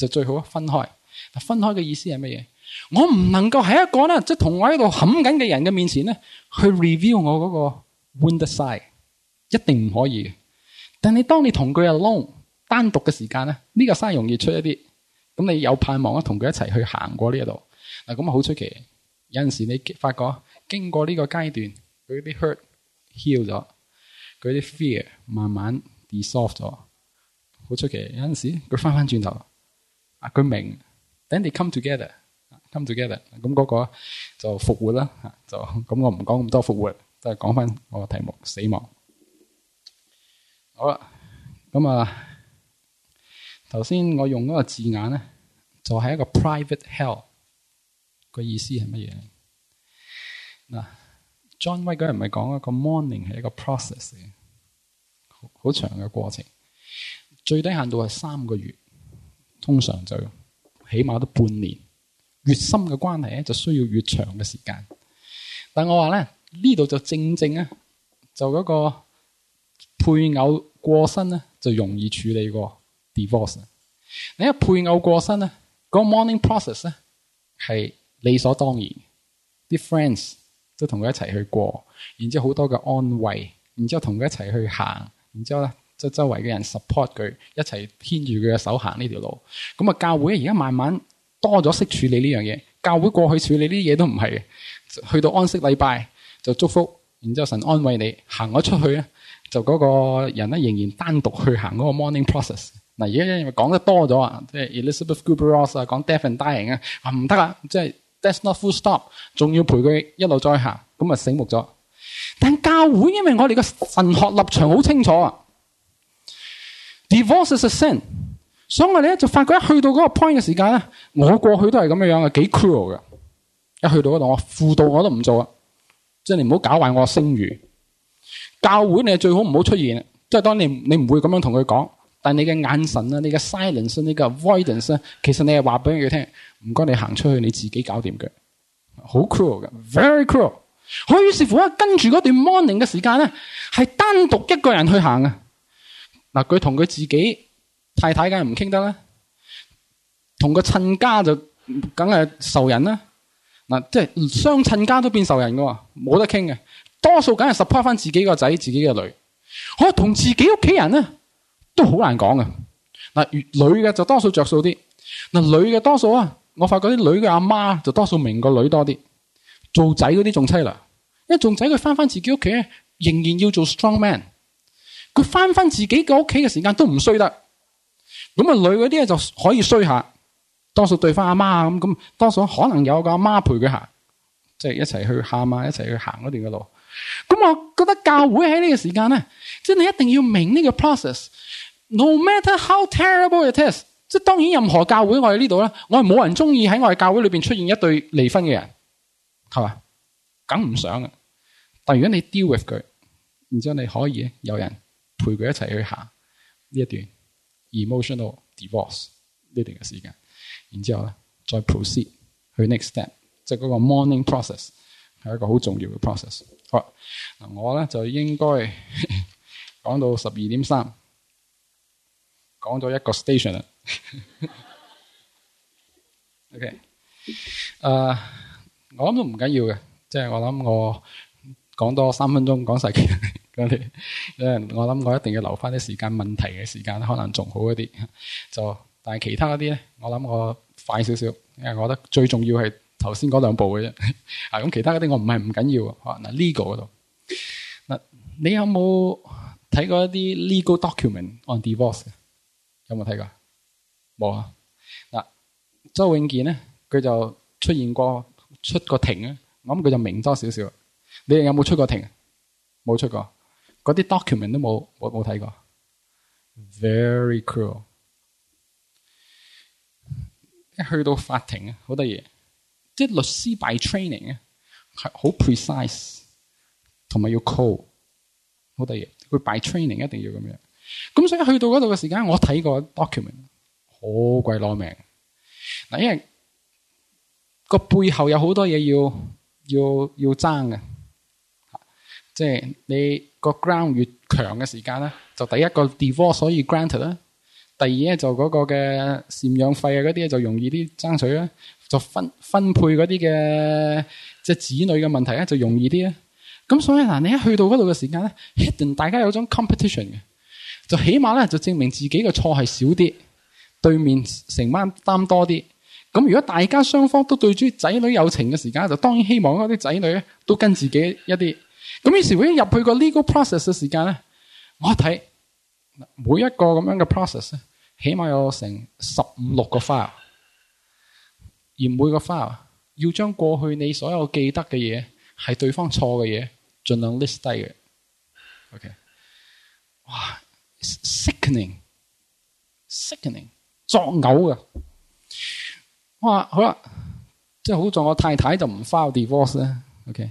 就最好分開。嗱，分開嘅意思係乜嘢？我唔能夠喺一個咧，即係同我喺度冚緊嘅人嘅面前咧，去 review 我嗰個 window side，一定唔可以。但係你當你同佢 alone 單獨嘅時間咧，呢個 size 容易出一啲。咁你有盼望啊，同佢一齊去行過呢一度。嗱，咁啊好出奇。有陣時你發覺經過呢個階段，佢啲 hurt heal 咗，佢啲 fear 慢慢 dissolve 咗，好出奇。有陣時佢翻翻轉頭。啊，佢明，then they come together，come together，咁 come 嗰個就復活啦，就咁我唔講咁多復活，都係講翻我個題目死亡。好啦，咁啊，頭先我用嗰個字眼咧，就係、是、一個 private hell，個意思係乜嘢？嗱、啊、，John 威嗰日唔係講一個 morning 係一個 process 嘅，好長嘅過程，最低限度係三個月。通常就起碼都半年，越深嘅關係咧就需要越長嘅時間。但我話咧，呢度就正正啊，就嗰個配偶過身咧就容易處理過 divorce。你一配偶過身咧，個 morning process 咧係理所當然，啲 friends 都同佢一齊去過，然之後好多嘅安慰，然之後同佢一齊去行，然之後咧。即周圍嘅人 support 佢，一齊牽住佢嘅手行呢條路。咁啊，教會而家慢慢多咗識處理呢樣嘢。教會過去處理呢啲嘢都唔係嘅，去到安息禮拜就祝福，然之後神安慰你，行咗出去咧，就嗰個人咧仍然單獨去行嗰個 morning process。嗱，而家因為講得多咗啊，即係 Elizabeth Cooper Ross 啊，講 death and dying 啊，唔得啊，即係 that's not full stop，仲要陪佢一路再行，咁啊醒目咗。但教會，因為我哋嘅神學立場好清楚啊。Divorce is a sin 所以我哋咧就發覺一去到嗰個 point 嘅時間咧，我過去都係咁樣樣嘅，幾 cruel 㗎。一去到嗰度，我輔導我都唔做啊，即係你唔好搞壞我聲譽。教會你係最好唔好出現，即係當你你唔會咁樣同佢講，但係你嘅眼神啊、你嘅 silence、你嘅 avoidance 啊，其實你係話俾佢聽，唔該你行出去，你自己搞掂佢。好 cruel 嘅，very cruel。佢於是乎跟住嗰段 mourning 嘅時間咧，係單獨一個人去行啊。嗱，佢同佢自己太太梗係唔傾得啦，同個親家就梗係仇人啦。嗱，即係相親家都變仇人噶，冇得傾嘅。多數梗係 support 翻自己個仔、自己嘅女。我、啊、同自己屋企人咧都好難講㗎。嗱、呃，女嘅就多數着數啲。嗱、呃，女嘅多數啊，我發覺啲女嘅阿媽就多數明個女多啲。做仔嗰啲仲凄涼，因為仲仔佢翻翻自己屋企咧，仍然要做 strong man。佢翻翻自己嘅屋企嘅時間都唔衰得，咁啊女嗰啲咧就可以衰下當時媽媽，多數對翻阿媽咁咁，多數可能有個阿媽陪佢行，即係一齊去喊啊，一齊去行嗰段嘅路。咁我覺得教會喺呢個時間咧，即係你一定要明呢個 process。No matter how terrible it is，即係當然任何教會我喺呢度咧，我係冇人中意喺我哋教會裏邊出現一對離婚嘅人，係嘛？梗唔想嘅。但如果你 deal with 佢，然之後你可以有人。陪佢一齊去行呢一段 emotional divorce 呢段嘅時間，然之後咧再 proceed 去 next step，即係嗰個 morning process 係一個好重要嘅 process。好，嗱我咧就應該講到十二點三，講咗一個 station 啦。 [LAUGHS] OK，呃，我諗都唔緊要嘅，即係我諗我講多三分鐘講晒。 [LAUGHS] 我哋誒，我諗我一定要留翻啲時間問題嘅時間，可能仲好一啲。就但係其他啲咧，我諗我快少少。因為我覺得最重要係頭先嗰兩步嘅啫。 [LAUGHS] 啊，咁其他啲我唔係唔緊要。吓，嗱 legal 嗰度，嗱你有冇睇過一啲 legal document on divorce？有冇睇過？冇啊。嗱、啊，周永健咧，佢就出現過出過庭啊。我諗佢就明多少少。你哋有冇出過庭？冇出過。嗰啲 document 都冇，我冇睇過。Very cruel。一去到法庭啊，好得嘢。即係律師 by training 啊，係好 precise，同埋要 c a l l 好得嘢。佢 by training 一定要咁樣。咁所以去到嗰度嘅時間，我睇過 document，好鬼攞命。嗱，因為個背後有好多嘢要要要爭嘅。即係你個 ground 越強嘅時間咧，就第一個 divorce 所以 granted 啦，第二咧就嗰個嘅贍養費啊嗰啲，就容易啲爭取啦，就分分配嗰啲嘅即係子女嘅問題咧就容易啲啊。咁所以嗱，你一去到嗰度嘅時間咧，一定大家有種 competition 嘅，就起碼咧就證明自己嘅錯係少啲，對面成晚擔多啲。咁如果大家雙方都對住仔女有情嘅時間，就當然希望嗰啲仔女咧都跟自己一啲。咁於是，我一入去個 legal process 嘅時間咧，我一睇每一個咁樣嘅 process 咧，起碼有成十五六個 file，而每個 file 要將過去你所有記得嘅嘢，係對方錯嘅嘢，盡量 list 低嘅。OK，哇，sickening，sickening，作嘔嘅。哇，好啦，即係好在我太太就唔 file divorce 咧。OK。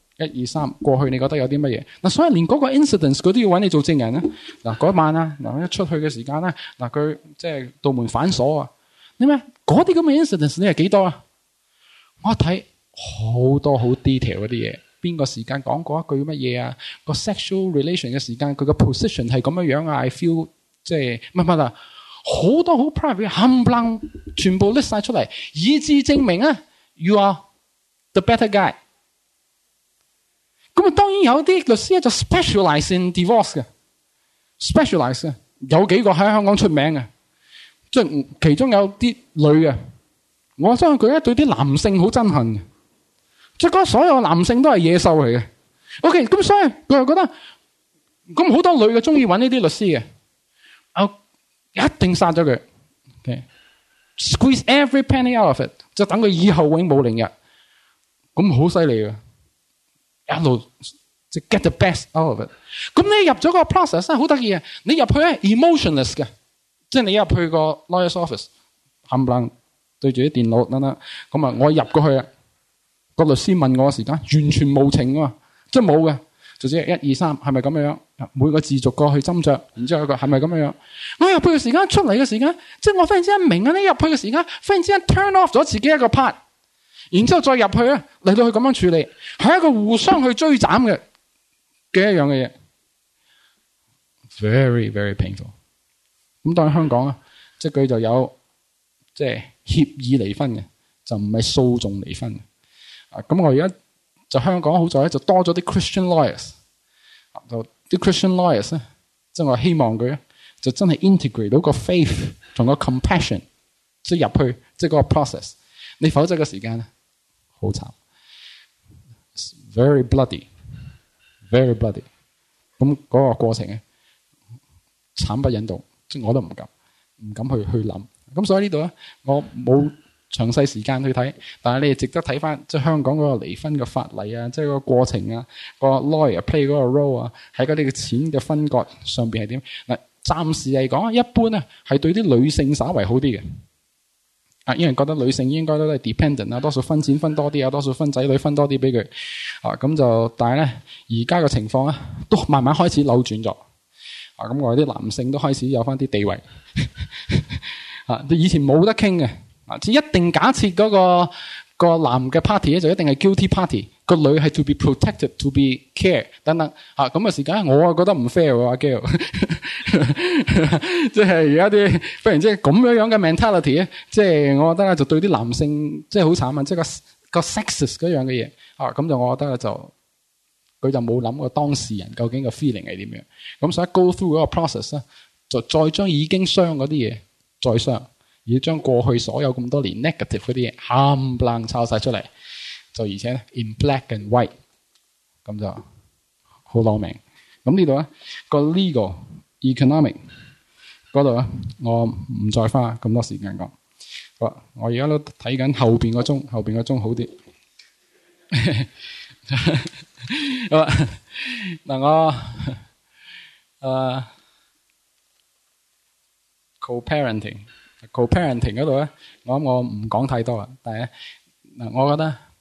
一二三，1 1, 2, 3, 過去你覺得有啲乜嘢？嗱，所以連嗰個 incident 佢都要揾你做證人咧、啊。嗱，嗰一晚啊，嗱一出去嘅時間咧、啊，嗱佢即係到門反鎖啊。你咩？嗰啲咁嘅 incident 你係幾多啊？我一睇好多好 detail 嗰啲嘢，邊個時間講過一句乜嘢啊？個 sexual relation 嘅時間，佢個 position 係咁樣樣啊？I feel 即係乜乜啊？好多好 private，冚唪唥全部拎晒出嚟，以至證明啊，you are the better guy。咁啊，當然有啲律師咧就 specialize in divorce 嘅 specialize 啊，有幾個喺香港出名嘅，即係其中有啲女嘅，我相信佢咧對啲男性好憎恨嘅，即係覺得所有男性都係野獸嚟嘅。OK，咁所以佢又覺得咁好多女嘅中意搵呢啲律師嘅，啊，一定殺咗佢，okay，squeeze every penny out of it，就等佢以後永冇寧日，咁好犀利嘅。一路就 get the best out of it。咁你入咗個 process 真係好得意啊！你入去咧 emotionless 嘅，即係你入去個 lawyer office，冚唪唥對住啲電腦等等，咁啊我入過去啊，個律師問我嘅時間完全無情啊嘛，即係冇嘅，就只係一二三係咪咁樣？每個字逐個去斟酌，然之後一個係咪咁樣？我入去嘅時間出嚟嘅時間，即係我忽然之間明啊，你入去嘅時間忽然之間 turn off 咗自己一個 part。然之後再入去咧，嚟到去咁樣處理，係一個互相去追斬嘅幾一樣嘅嘢。Very very painful。咁當然香港啦，即、就、佢、是、就有即係協議離婚嘅，就唔係訴訟離婚啊。咁、嗯、我而家就香港好在咧，就多咗啲 Christian lawyers 啊，就啲 Christian lawyers 咧，即係我希望佢就真係 integrate 到個 faith 同個 compassion，即係入去即係、就是、個 process。你否則嘅時間咧。好慘，very bloody，very bloody。咁嗰個過程咧，慘不忍睹，即係我都唔敢，唔敢去去諗。咁所以呢度咧，我冇詳細時間去睇，但係你哋值得睇翻，即係香港嗰個離婚嘅法例啊，即係個過程啊，個 lawyer play 嗰個 role 啊，喺嗰啲嘅錢嘅分割上邊係點？嗱，暫時嚟講，一般咧係對啲女性稍為好啲嘅。啊，因為覺得女性應該都係 dependent，多數分錢分多啲啊，多數分仔女分多啲俾佢啊，咁就但係咧，而家嘅情況咧都慢慢開始扭轉咗啊，咁我哋啲男性都開始有翻啲地位呵呵啊，以前冇得傾嘅啊，即一定假設嗰、嗰個嗰男嘅 party 就一定係 guilty party。個女係 to be protected, to be care 等等嚇，咁啊這時間我啊覺得唔 fair 喎，阿 Gail，即係而家啲，不然即係咁樣樣嘅 mentality 咧，即係我覺得咧就對啲男性即係好慘、即係、啊，即係個個 sexes 嗰樣嘅嘢啊，咁就我覺得咧就佢就冇諗過當事人究竟個 feeling 係點樣？咁所以 go through 嗰個 process 咧，就再將已經傷嗰啲嘢再傷，而將過去所有咁多年 negative 嗰啲嘢冚唪唥抄曬出嚟。而且咧，in black and white，咁就好攞命。咁呢度咧，個 legal economic 嗰度咧，我唔再花咁多時間講。好啦，我而家都睇緊後邊個鐘，後邊個鐘好啲。好啊，嗱我誒 co-parenting，co-parenting 嗰度咧，我諗我唔講太多啊。但係咧嗱，我覺得。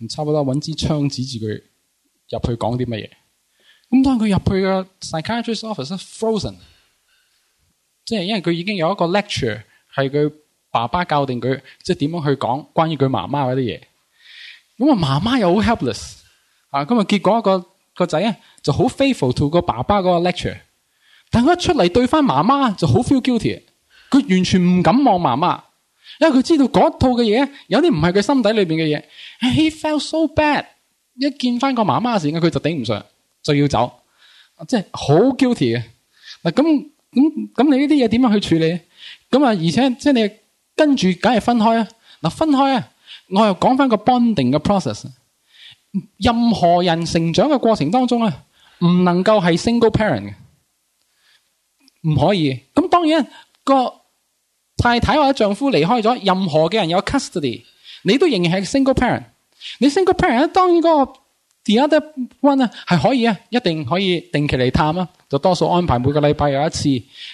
唔差不多揾支槍指住佢入去講啲乜嘢。咁當佢入去嘅 psychiatrist office，frozen。即係因為佢已經有一個 lecture 係佢爸爸教定佢，即係點樣去講關於佢媽媽嗰啲嘢。咁啊，媽媽又好 helpless 啊。咁啊，結果一、嗰個仔啊就好 faithful to 個爸爸嗰個 lecture。但佢一出嚟對翻媽媽就好 feel guilty。佢完全唔敢望媽媽，因為佢知道嗰套嘅嘢有啲唔係佢心底裏面嘅嘢。He felt so bad，一見翻個媽媽嘅時，佢就頂唔上，就要走，即係好 guilty 嘅。嗱，咁咁咁，你呢啲嘢點樣去處理？咁啊，而且即係你跟住梗係分開啊。嗱，分開啊，我又講翻個 bonding 嘅 process。任何人成長嘅過程當中啊，唔能夠係 single parent 嘅，唔可以。咁當然個太太或者丈夫離開咗，任何嘅人有 custody，你都仍然係 single parent。你 single parent 當然個 the other one 啊，係可以啊，一定可以定期嚟探啦。就多數安排每個禮拜有一次。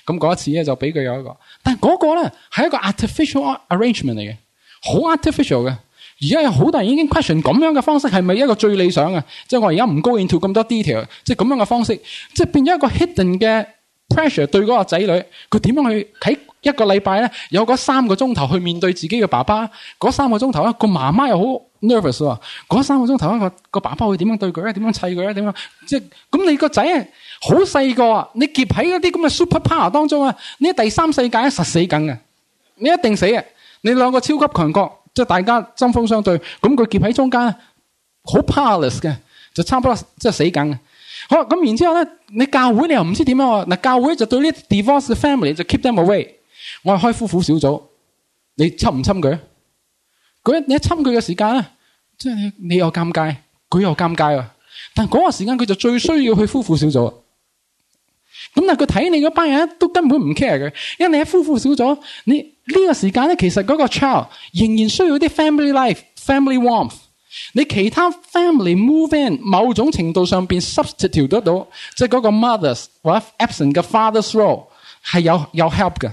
咁嗰次咧就俾佢有一個。但係嗰個咧係一個 artificial arrangement 嚟嘅，好 artificial 嘅。而家有好多人已經 question 咁樣嘅方式係咪一個最理想嘅，即係我而家唔 go into 咁多 detail，即係咁樣嘅方式，即係變咗一個 hidden 嘅 pressure 對嗰個仔女，佢點樣去睇？一個禮拜咧，有嗰三個鐘頭去面對自己嘅爸爸，嗰三個鐘頭咧，個媽媽又好 nervous 喎。嗰三個鐘頭咧，個個爸爸會點樣對佢咧？點樣砌佢咧？點樣？即係咁你個仔啊，好細個，你夾喺嗰啲咁嘅 superpower 當中啊，你第三世界啊，實死緊嘅，你一定死嘅。你兩個超級強國，即係大家針鋒相對，咁佢夾喺中間，好 powerless 嘅，就差唔多即係死緊。好，咁然之後咧，你教會你又唔知點樣喎。嗱，教會就對呢 divorce 嘅 family 就 keep them away。我係開夫婦小組，你侵唔侵佢？佢一你一侵佢嘅時間咧，即係你又尷尬，佢又尷尬啊！但嗰個時間佢就最需要去夫婦小組。咁但係佢睇你嗰班人都根本唔 care 佢，因為你喺夫婦小組，你呢個時間咧，其實嗰個 child 仍然需要啲 family life、family warmth。你其他 family move in 某種程度上邊 substitute 得到，即係嗰個 mother's 或者 absent 嘅 father's role 係有有 help 㗎。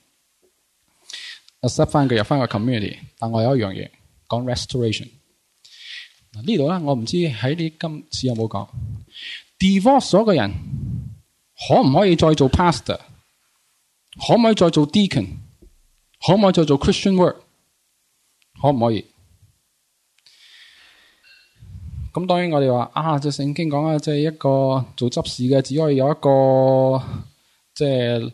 accept 翻佢入翻個 community，但我有一樣嘢講 restoration。嗱 rest 呢度咧，我唔知喺你今次有冇講 [MUSIC] divorce 所嗰個人可唔可以再做 pastor？可唔可以再做 deacon？可唔可以再做 Christian work？可唔可以？咁當然我哋話啊，即係聖經講啊，即係一個做執事嘅，只可以有一個即係。就是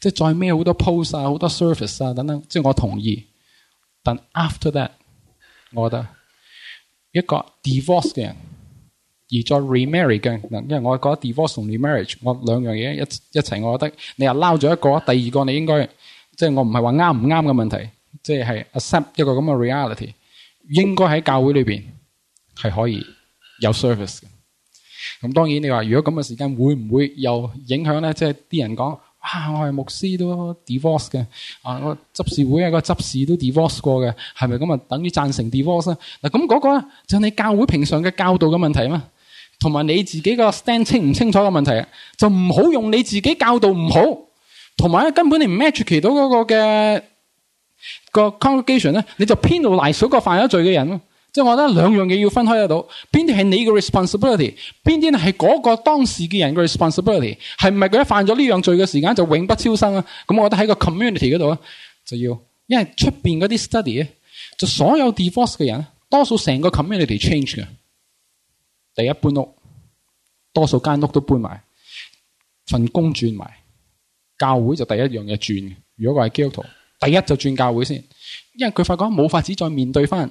即係再咩好多 post 啊，好多 service 啊等等，即係我同意。但 after that，我覺得一個 divorce 嘅人而再 remarry 嘅人，因為我覺得 divorce 同 remarriage 我兩樣嘢一一齊，我覺得你又撈咗一個，第二個你應該即係我唔係話啱唔啱嘅問題，即係 accept 一個咁嘅 reality，應該喺教會裏面係可以有 service 嘅。咁當然你話如果咁嘅時間會唔會又影響咧？即係啲人講。啊！我係牧師都 divorce 嘅，啊我、嗰個、執事會啊、嗰個執事都 divorce 過嘅，係咪咁啊？等於贊成 divorce 呢？嗱咁嗰個咧，就係、你教會平常嘅教導嘅問題啊，同埋你自己個 stand 清唔清楚嘅問題啊，就唔好用你自己教導唔好，同埋根本你唔 match 到嗰個嘅、嗰個 congregation 咧，你就偏到嚟嗰個犯咗罪嘅人。即係我覺得兩樣嘢要分開得到，邊啲係你嘅 responsibility，邊啲係嗰個當事嘅人嘅 responsibility，係唔係佢一犯咗呢樣罪嘅時間就永不超生啊？咁我覺得喺個 community 嗰度啊，就要，因為出面嗰啲 study 咧，就所有 divorce 嘅人，多數成個 community change 嘅，第一搬屋，多數間屋都搬埋，份工轉埋，教會就第一樣嘢轉嘅，如果個係基督徒，第一就轉教會先，因為佢發覺冇法子再面對返。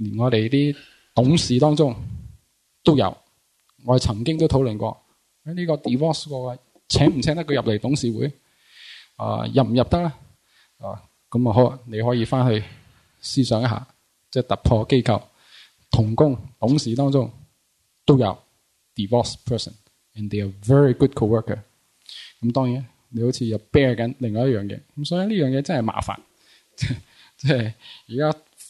連我哋啲董事當中都有，我哋曾經都討論過喺呢、哎呢個 divorce 個，請唔請得佢入嚟董事會？啊，入唔入得咧？啊，咁啊好，你可以翻去思想一下，即、就、係、係、突破機構同工董事當中都有 divorce person，and they are very good co-worker。咁當然你好似又 bear 緊另外一樣嘢，咁所以呢樣嘢真係麻煩，即係而家。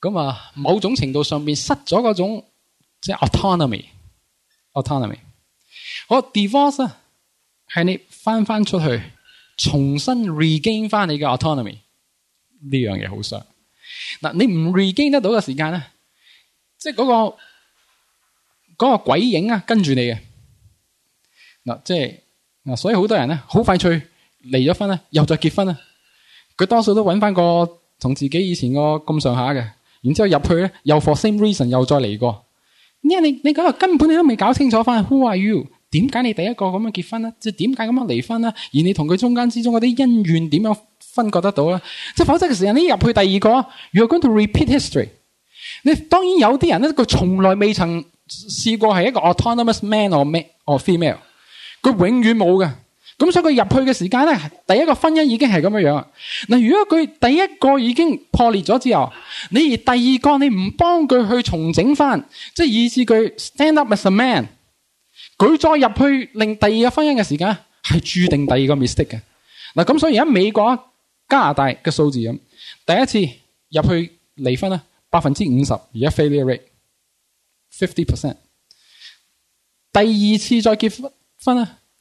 咁啊，某種程度上面失咗嗰種即係、就是、autonomy，autonomy aut。好，divorce 係你翻翻出去，重新 regain 翻你嘅 autonomy，呢樣嘢好傷。嗱，你唔 regain 得到嘅時間咧，即係嗰個嗰、那個、鬼影啊，跟住你嘅嗱，即係嗱，所以好多人咧，好快脆離咗婚咧，又再結婚啦。佢多數都揾翻個同自己以前個咁上下嘅。然之後入去又 for same reason 又再嚟過。咩？你你嗰個根本你都未搞清楚 who are you？點解你第一個咁樣結婚呢？即係點解咁樣離婚呢？而你同佢中間之中嗰啲恩怨點樣分割得到呢？即否則嘅時候，你入去第二個，you're going to repeat history？你當然有啲人呢，佢從來未曾試過係一個 autonomous man or man or female，佢永遠冇㗎。咁所以佢入去嘅時間咧，第一個婚姻已經係咁樣樣啦。嗱，如果佢第一個已經破裂咗之後，你而第二個你唔幫佢去重整翻，即係以至佢 stand up as a man，佢再入去令第二個婚姻嘅時間係注定第二個 mistake 嘅嗱。咁所以而家美國加拿大嘅數字咁，第一次入去離婚啦，百分之五十而家 failure rate fifty percent，第二次再結婚啦。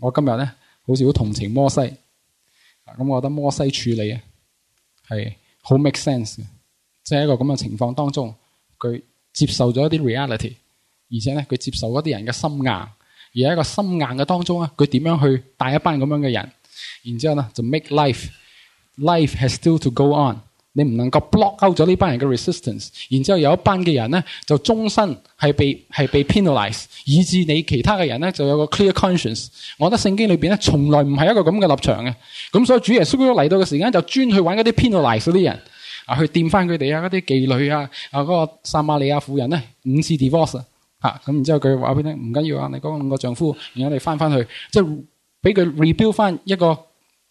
我今日咧好似好同情摩西，咁我覺得摩西處理啊係好 make sense 嘅，即係一個咁嘅情況當中，佢接受咗一啲 reality，而且咧佢接受嗰啲人嘅心硬，而喺一個心硬嘅當中啊，佢點樣去帶一班咁樣嘅人，然之後咧就 make life，life life has still to go on。你唔能夠 block out 咗呢班人嘅 resistance，然之後有一班嘅人咧就終身係被係被 penalize 以致你其他嘅人咧就有個 clear conscience。我覺得聖經裏邊咧從來唔係一個咁嘅立場嘅，咁所以主耶穌嚟到嘅時間就專去揾嗰啲 penalize 嗰啲人啊，去掂翻佢哋啊，嗰啲妓女啊，啊嗰個撒瑪利亞婦人咧五次 divorce 嚇，咁然之後佢話俾你唔緊要啊，你講五個丈夫，然後你翻翻去，即係俾佢 rebuild re 翻一個。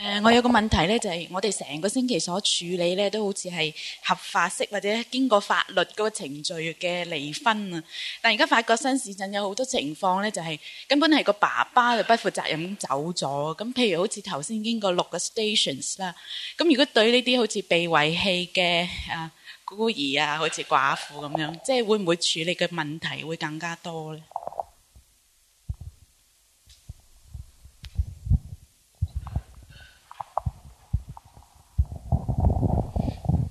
呃、我有個問題呢，就係、是、我哋成個星期所處理呢，都好似係合法式或者經過法律嗰個程序嘅離婚啊。但而家法國新市鎮有好多情況呢，就係、是、根本係個爸爸就不負責任走咗。咁譬如好似頭先經過六個 stations 啦。咁如果對呢啲好似被遺棄嘅啊孤兒啊，好似寡婦咁樣，即係會唔會處理嘅問題會更加多呢？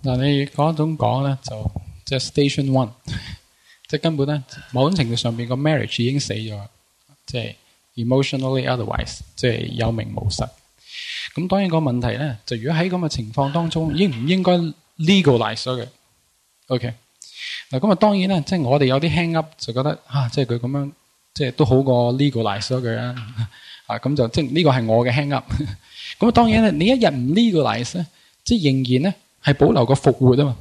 嗱，你嗰種講咧，就即係、就是、station one，即係根本咧，某種程度上邊個 marriage 已經死咗，即、就、係、是、emotionally otherwise，即係有名無實。咁當然嗰個問題咧，就如果喺咁嘅情況當中，應唔應該 legalize 佢？OK，嗱咁啊，當然咧，即、就、係、是、我哋有啲 hang up 就覺得啊，即係佢咁樣，即係都好過 legalize 咗佢啊。啊，咁就即係呢個係我嘅 hang up。咁啊，當然咧，你一日唔 legalize 咧，即係仍然咧。係保留個復活啊嘛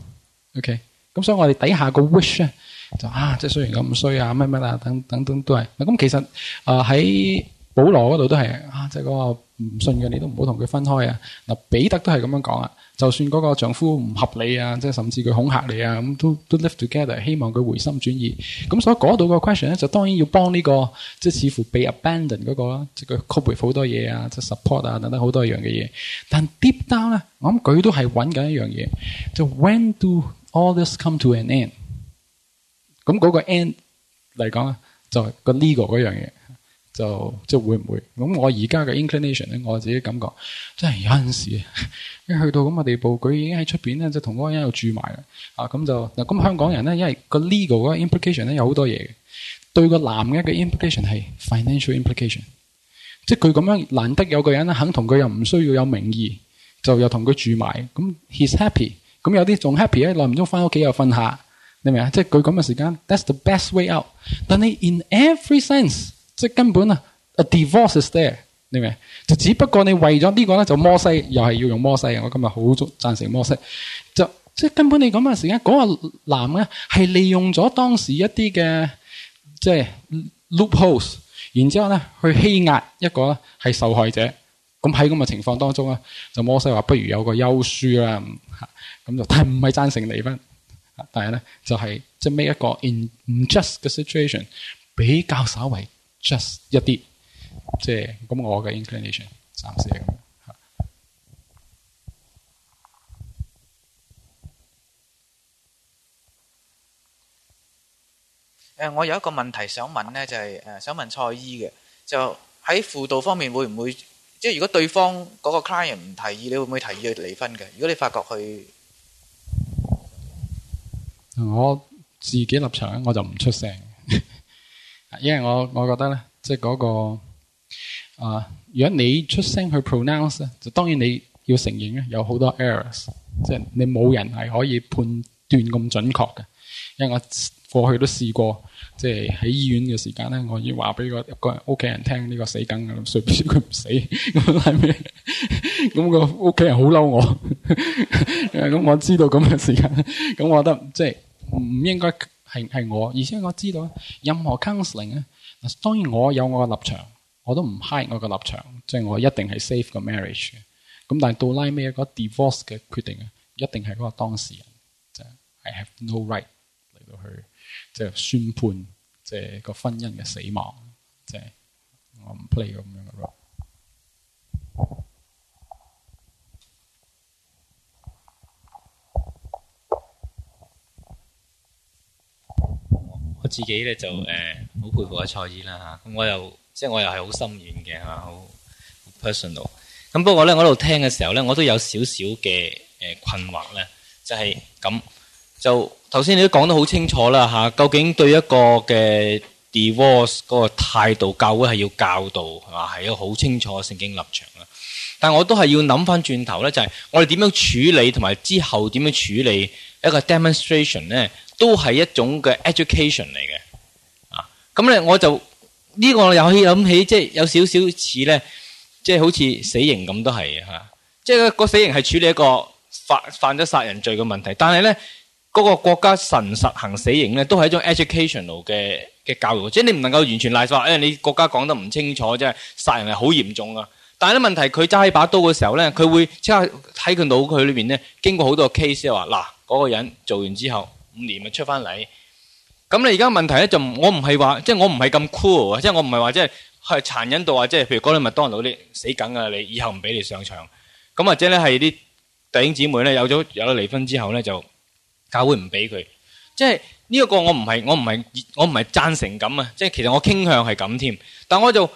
，OK，咁所以我哋底下個 wish 呢就啊，即係雖然咁衰啊，乜乜啊等等等，都係。嗱，咁其實啊喺保羅嗰度都係啊，即係嗰個。唔信嘅你都唔好同佢分開啊！嗱，彼得都係咁樣講啊，就算嗰個丈夫唔合理啊，即係甚至佢恐嚇你啊，咁都都 live together，希望佢回心轉意。咁所以嗰度個 question 咧，就當然要幫呢、這個即係似乎被 abandon 嗰、那個，即係佢 cover 好多嘢啊，即、就、係、是、support 啊等等好多一樣嘅嘢。但 deep down 咧，我諗佢都係揾緊一樣嘢，就 when do all this come to an end？咁嗰個 end 嚟講啊，就是、個 legal 嗰樣嘢。就即係會唔會咁？我而家嘅 inclination 咧，我自己感覺真係有陣時一去到咁嘅地步，佢已經喺出面咧，就同嗰個人又住埋啊。咁就嗱，咁香港人咧，因為個 legal 嘅 implication 咧，有好多嘢嘅，對個男嘅嘅 implication 係 financial implication，即係佢咁樣難得有個人咧，肯同佢又唔需要有名義，就又同佢住埋咁，he's happy。咁有啲仲 happy 咧，耐唔中翻屋企又瞓下，你明唔明啊？即係佢咁嘅時間，that's the best way out。但係 in every sense。即係根本啊，a divorce is there，你明？就只不過你為咗呢個咧，就摩西又係要用摩西，我今日好足贊成摩西。就即係根本你咁嘅時間，嗰個男咧係利用咗當時一啲嘅即係 loopholes，然之後咧去欺壓一個咧係受害者。咁喺咁嘅情況當中咧，就摩西話不如有個休書啦。咁就但係唔係贊成離婚，但係咧就係即係 make 一個 in unjust 嘅 situation 比較稍微，just 一啲，即係咁我嘅 inclination 暫時咁。誒、呃，我有一個問題想問咧，就係、是、誒、呃、想問蔡醫嘅，就喺輔導方面會唔會，即係如果對方嗰個 client 唔提議，你會唔會提議佢離婚嘅？如果你發覺佢，我自己立場，我就唔出聲。因為我我覺得咧，即係嗰、嗰個啊、呃，如果你出聲去 pronounce 咧，就當然你要承認咧，有好多 errors，即係你冇人係可以判斷咁準確嘅。因為我過去都試過，即係喺醫院嘅時間咧，我已經話俾個屋企人聽呢、呢個死梗嘅，隨便佢唔死咁係咩？咁 [LAUGHS] 個屋企人好嬲我，咁 [LAUGHS] 我知道咁嘅時間，咁我覺得即係唔應該。係我，而且我知道任何 counseling 咧，當然我有我個立場，我都唔 hide 我個立場，即係我一定係 save 個 marriage 嘅。咁但係到拉尾一個 divorce 嘅決定啊，一定係嗰個當事人，即係 I have no right 嚟到去即係宣判即係個婚姻嘅死亡，即係我唔 play 咁樣嘅咯。我自己咧就誒好佩服阿蔡姨啦嚇，我又即係、就是、我又係好心軟嘅係嘛，好 personal。咁不過咧，我喺度聽嘅時候咧，我都有少少嘅誒困惑咧，就係、是、咁。就頭先你都講得好清楚啦嚇，究竟對一個嘅 divorce 嗰個態度，教會係要教導係嘛，係要好清楚聖經立場啦。但我都係要諗翻轉頭咧，就係、是、我哋點樣處理同埋之後點樣處理一個 demonstration 咧？都係一種嘅 education 嚟嘅。啊咁咧我就呢個又可以諗起，即係有少少似咧，即係好似死刑咁都係嚇。即係個死刑係處理一個犯犯咗殺人罪嘅問題，但係咧嗰個國家神實行死刑咧，都係一種 education 嘅嘅教育，即係你唔能夠完全賴曬誒、哎，你國家講得唔清楚，即係殺人係好嚴重啊。但係咧問題，佢揸起把刀嘅時候咧，佢會即刻喺佢腦佢裏邊咧，經過好多 case 即係話嗱，嗰個人做完之後。五年咪出翻嚟，咁你而家問題咧就，我唔係話，即係我唔係咁 cool，即係我唔係話即係係殘忍到話，即係譬如講你麥當勞啲死梗啊，你以後唔俾你上場，咁或者咧係啲弟兄姊妹咧有咗有咗離婚之後咧就教會唔俾佢，即係呢一個我唔係我唔係我唔係贊成咁啊，即係其實我傾向係咁添，但我就。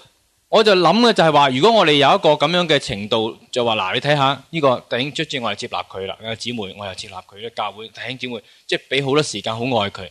我就諗嘅就係話，如果我哋有一個咁樣嘅程度就，就話嗱，你睇下呢個弟兄捉住我哋接納佢啦，呢個姊妹我又接納佢咧，教會弟兄姊妹即係俾好多時間，好愛佢。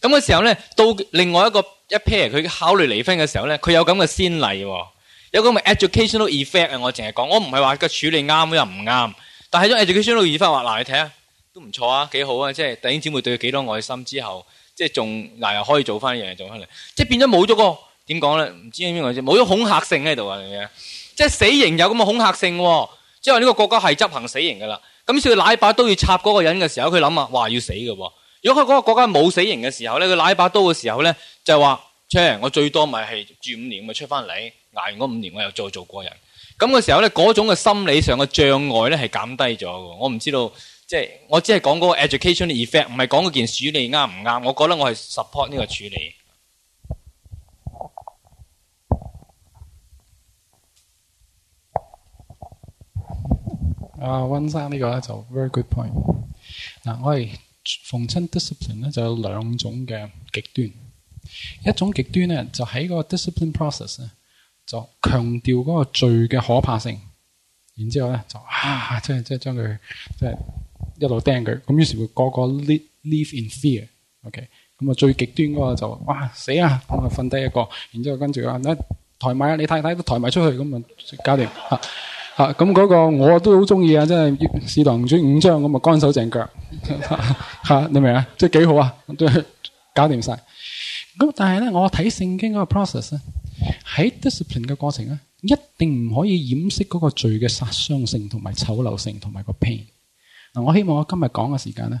咁嘅時候咧，到另外一個一 pair，佢考慮離婚嘅時候咧，佢有咁嘅先例，有咁嘅 educational effect 啊！我淨係講，我唔係話個處理啱又唔啱，但係咗 educational effect 話嗱，你睇下都唔錯啊，幾好啊！即係弟兄姊妹對佢幾多愛心之後，即係仲嗱又可以做翻一樣嘢做翻嚟，即係變咗冇咗個。點講咧？唔知邊個先冇咗恐嚇性喺度啊！你嘅即係死刑有咁嘅恐嚇性喎，即係呢個國家係執行死刑嘅啦。咁所以拿一把刀要插嗰個人嘅時候，佢諗啊，哇要死嘅喎！如果佢嗰個國家冇死刑嘅時候咧，佢拿一把刀嘅時候咧，就話，我最多咪係住五年咪出翻嚟，挨完嗰五年我又再做過人。咁嘅時候咧，嗰種嘅心理上嘅障礙咧係減低咗嘅。我唔知道，即係我只係講嗰個 education effect，唔係講嗰件處理啱唔啱。我覺得我係 support 呢個處理。這個啊，溫生這個呢個咧就 very good point。嗱、啊，我哋逢親 discipline 咧就有兩種嘅極端。一種極端咧就喺個 discipline process 咧，就強調嗰個罪嘅可怕性。然之後咧就啊，即係即係將佢即係一路釘佢。咁於是會個個 live live in fear okay?OK，咁啊最極端嗰個就哇死啊！咁啊瞓低一個，然之後跟住啊，你抬埋啊你太太都抬埋出去，咁啊搞掂。嚇。吓，咁嗰個我都好中意啊！真係四堂轉五張，咁咪乾手淨腳吓，你明啊？即係幾好啊！都搞掂晒。咁但係咧，我睇聖經嗰個 process 咧，喺 discipline 嘅過程咧，一定唔可以掩飾嗰個罪嘅殺傷性同埋醜陋性同埋個 pain。嗱，啊，我希望我今日講嘅時間咧。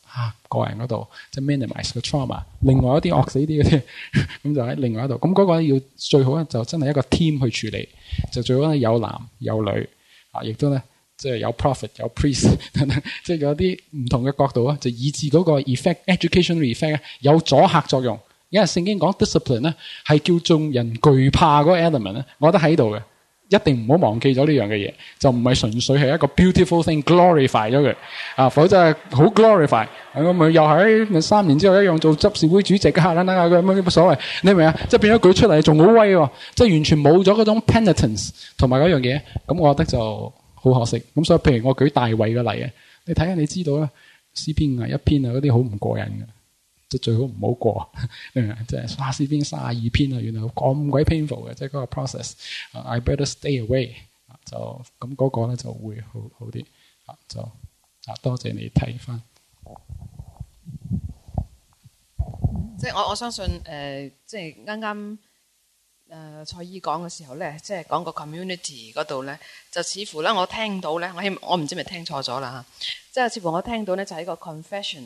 啊，個人嗰度即係、就是、minimise 個 trauma，另外一啲惡死啲嗰啲，咁就喺另外一度。咁嗰個要最好咧，就真係一個 team 去處理，就最好咧有男有女，啊，亦都咧即係有 prophet 有 priest 等 [LAUGHS] 等，即係有啲唔同嘅角度啊，就以致嗰個 effect education effect 有阻嚇作用。因為聖經講 discipline 咧係叫眾人懼怕嗰 element 咧，我覺得喺度嘅。一定唔好忘記咗呢樣嘅嘢，就唔係純粹係一個 beautiful thing glorify 咗佢啊，否則係好 glorify，咁咪又喺三年之後一樣做執事會主席，等等啊，佢乜乜所謂？你明唔明啊？即係變咗舉出嚟仲好威喎，即係完全冇咗嗰種 penitence 同埋嗰樣嘢，咁我覺得就好可惜。咁所以譬如我舉大衛嘅例啊，你睇下，你知道啦，詩篇廿一篇啊，嗰啲好唔過癮嘅。最好唔好過，即係詩篇三十二篇啊！原來咁鬼 painful 嘅，即係嗰個 process。I better stay away 就。就咁嗰個咧就會好好啲。就啊，多謝你睇返。即係我我相信誒、呃，即係啱啱誒蔡醫講嘅時候咧，即係講個 community 嗰度咧，就似乎咧我聽到咧，我希我唔知係咪聽錯咗啦嚇。即係似乎我聽到咧就係一個 confession。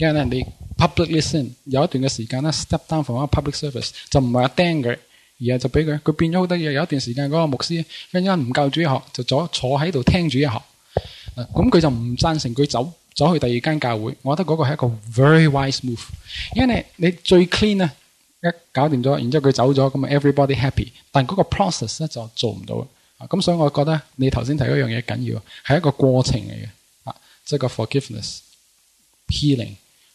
因為咧，人哋 public listen 有一段嘅時間咧，step down f r from public service 就唔係話釘佢，而係就俾佢，佢變咗好多嘢。有一段時間嗰個牧師，然之後唔教主日學，就坐坐喺度聽主日學。咁、啊、佢就唔贊成佢走走去第二間教會。我覺得嗰個係一個 very wise move，因為你你最 clean 咧一搞掂咗，然之後佢走咗，咁啊 everybody happy。但嗰個 process 咧就做唔到。咁、啊、所以我覺得你頭先提嗰樣嘢緊要，係一個過程嚟嘅，即、啊、係、就是、個 forgiveness healing。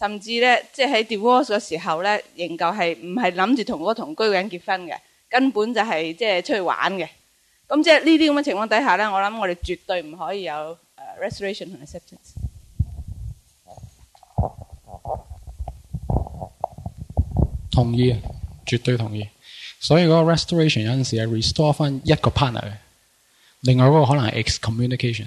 甚至咧，即係喺 divorce 嘅時候咧，仍舊係唔係諗住同嗰個同居嘅人結婚嘅，根本就係即係出去玩嘅。咁即係呢啲咁嘅情況底下咧，我諗我哋絕對唔可以有誒 restoration 同 acceptance。同意啊，絕對同意。所以嗰個 restoration 有陣時係 restore 翻一個 partner 嘅，另外嗰個可能係 excommunication。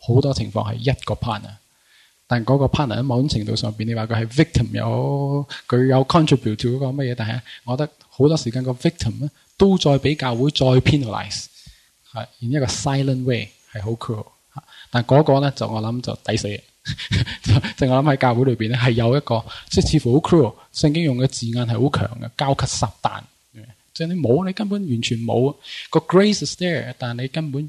好多情況係一個 partner，但嗰個 partner 喺某種程度上邊，你話佢係 victim 有佢有 contributed 嗰個乜嘢，但係我覺得好多時間個 victim 咧都在俾教會再 penalise，係，然一個 silent way 係好 cruel 但嗰個咧就我諗就抵死，就我諗喺 [LAUGHS] 教會裏邊咧係有一個，即係似乎好 cruel。聖經用嘅字眼係好強嘅，交給撒旦，即係你冇，你根本完全冇個 grace is there，但你根本。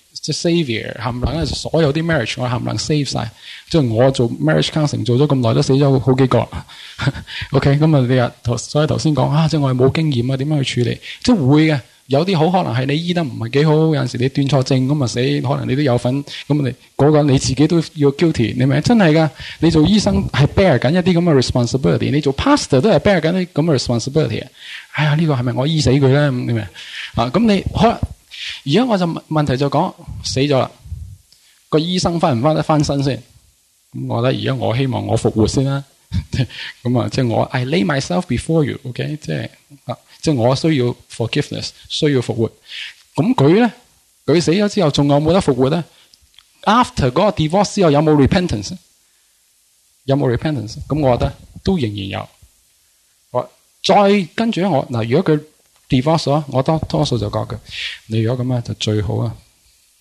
即係 savior 冚唪唥，所有啲 marriage 我冚唪唥 save 晒。即係我做 marriage counseling 做咗咁耐都死咗好幾個。 [LAUGHS] OK，咁啊你啊，所以頭先講啊，即係我係冇經驗啊，點樣去處理？即係會嘅，有啲好可能係你醫得唔係幾好，有陣時你斷錯症咁啊死，可能你都有份。咁你嗰個人你自己都要 guilty，你咪？真係噶，你做醫生係 bear 緊一啲咁嘅 responsibility，你做 pastor 都係 bear 緊啲咁嘅 responsibility。哎呀，呢、這個係咪我醫死佢咧？你明？啊，咁你可能。而家我就問問題就講死咗啦，個醫生翻唔翻得翻身先？咁我覺得而家我希望我復活先啦。咁 [LAUGHS] 啊，即係我 I lay myself before you，OK？Okay? 即係即係我需要 forgiveness，需要復活復活呢。咁佢咧，佢死咗之後仲有冇得復活咧？After 嗰個 divorce 之後有冇 repentance？有冇 repentance？咁我覺得都仍然有。我再跟住我嗱，如果佢。Divorce 我多多數就覺嘅，你如果咁樣就最好啊，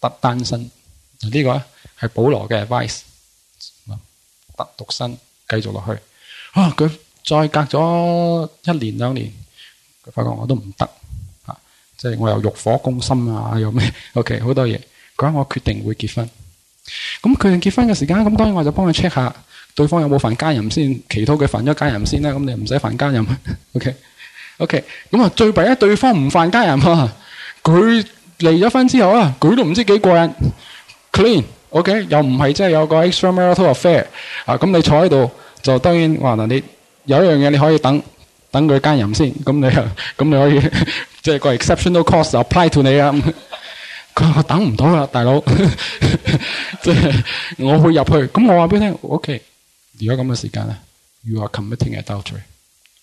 得單身，呢個係保羅嘅 advice，得獨身繼續落去。啊，佢再隔咗一年兩年，佢發覺我都唔得，啊，即係我又欲火攻心啊，又咩？O K，好多嘢，佢話我決定會結婚。咁佢結婚嘅時間，咁當然我就幫佢 check 下對方有冇犯姦淫先，祈禱佢犯咗姦淫先啦。咁你唔使犯姦淫。OK。OK，咁啊，最弊啊，對方唔犯奸淫嘛，佢離咗婚之後啊，佢都唔知幾過癮，clean，OK，又唔係即係有個 extra marital affair 啊，咁你坐喺度就當然話嗱，你有一樣嘢你可以等等佢奸淫先，咁你啊，咁你可以即係個 exceptional cost apply to 你啊，佢話等唔到啦，大佬，即係我會入去，咁我話俾你聽，OK，如果咁嘅時間咧，you are committing adultery。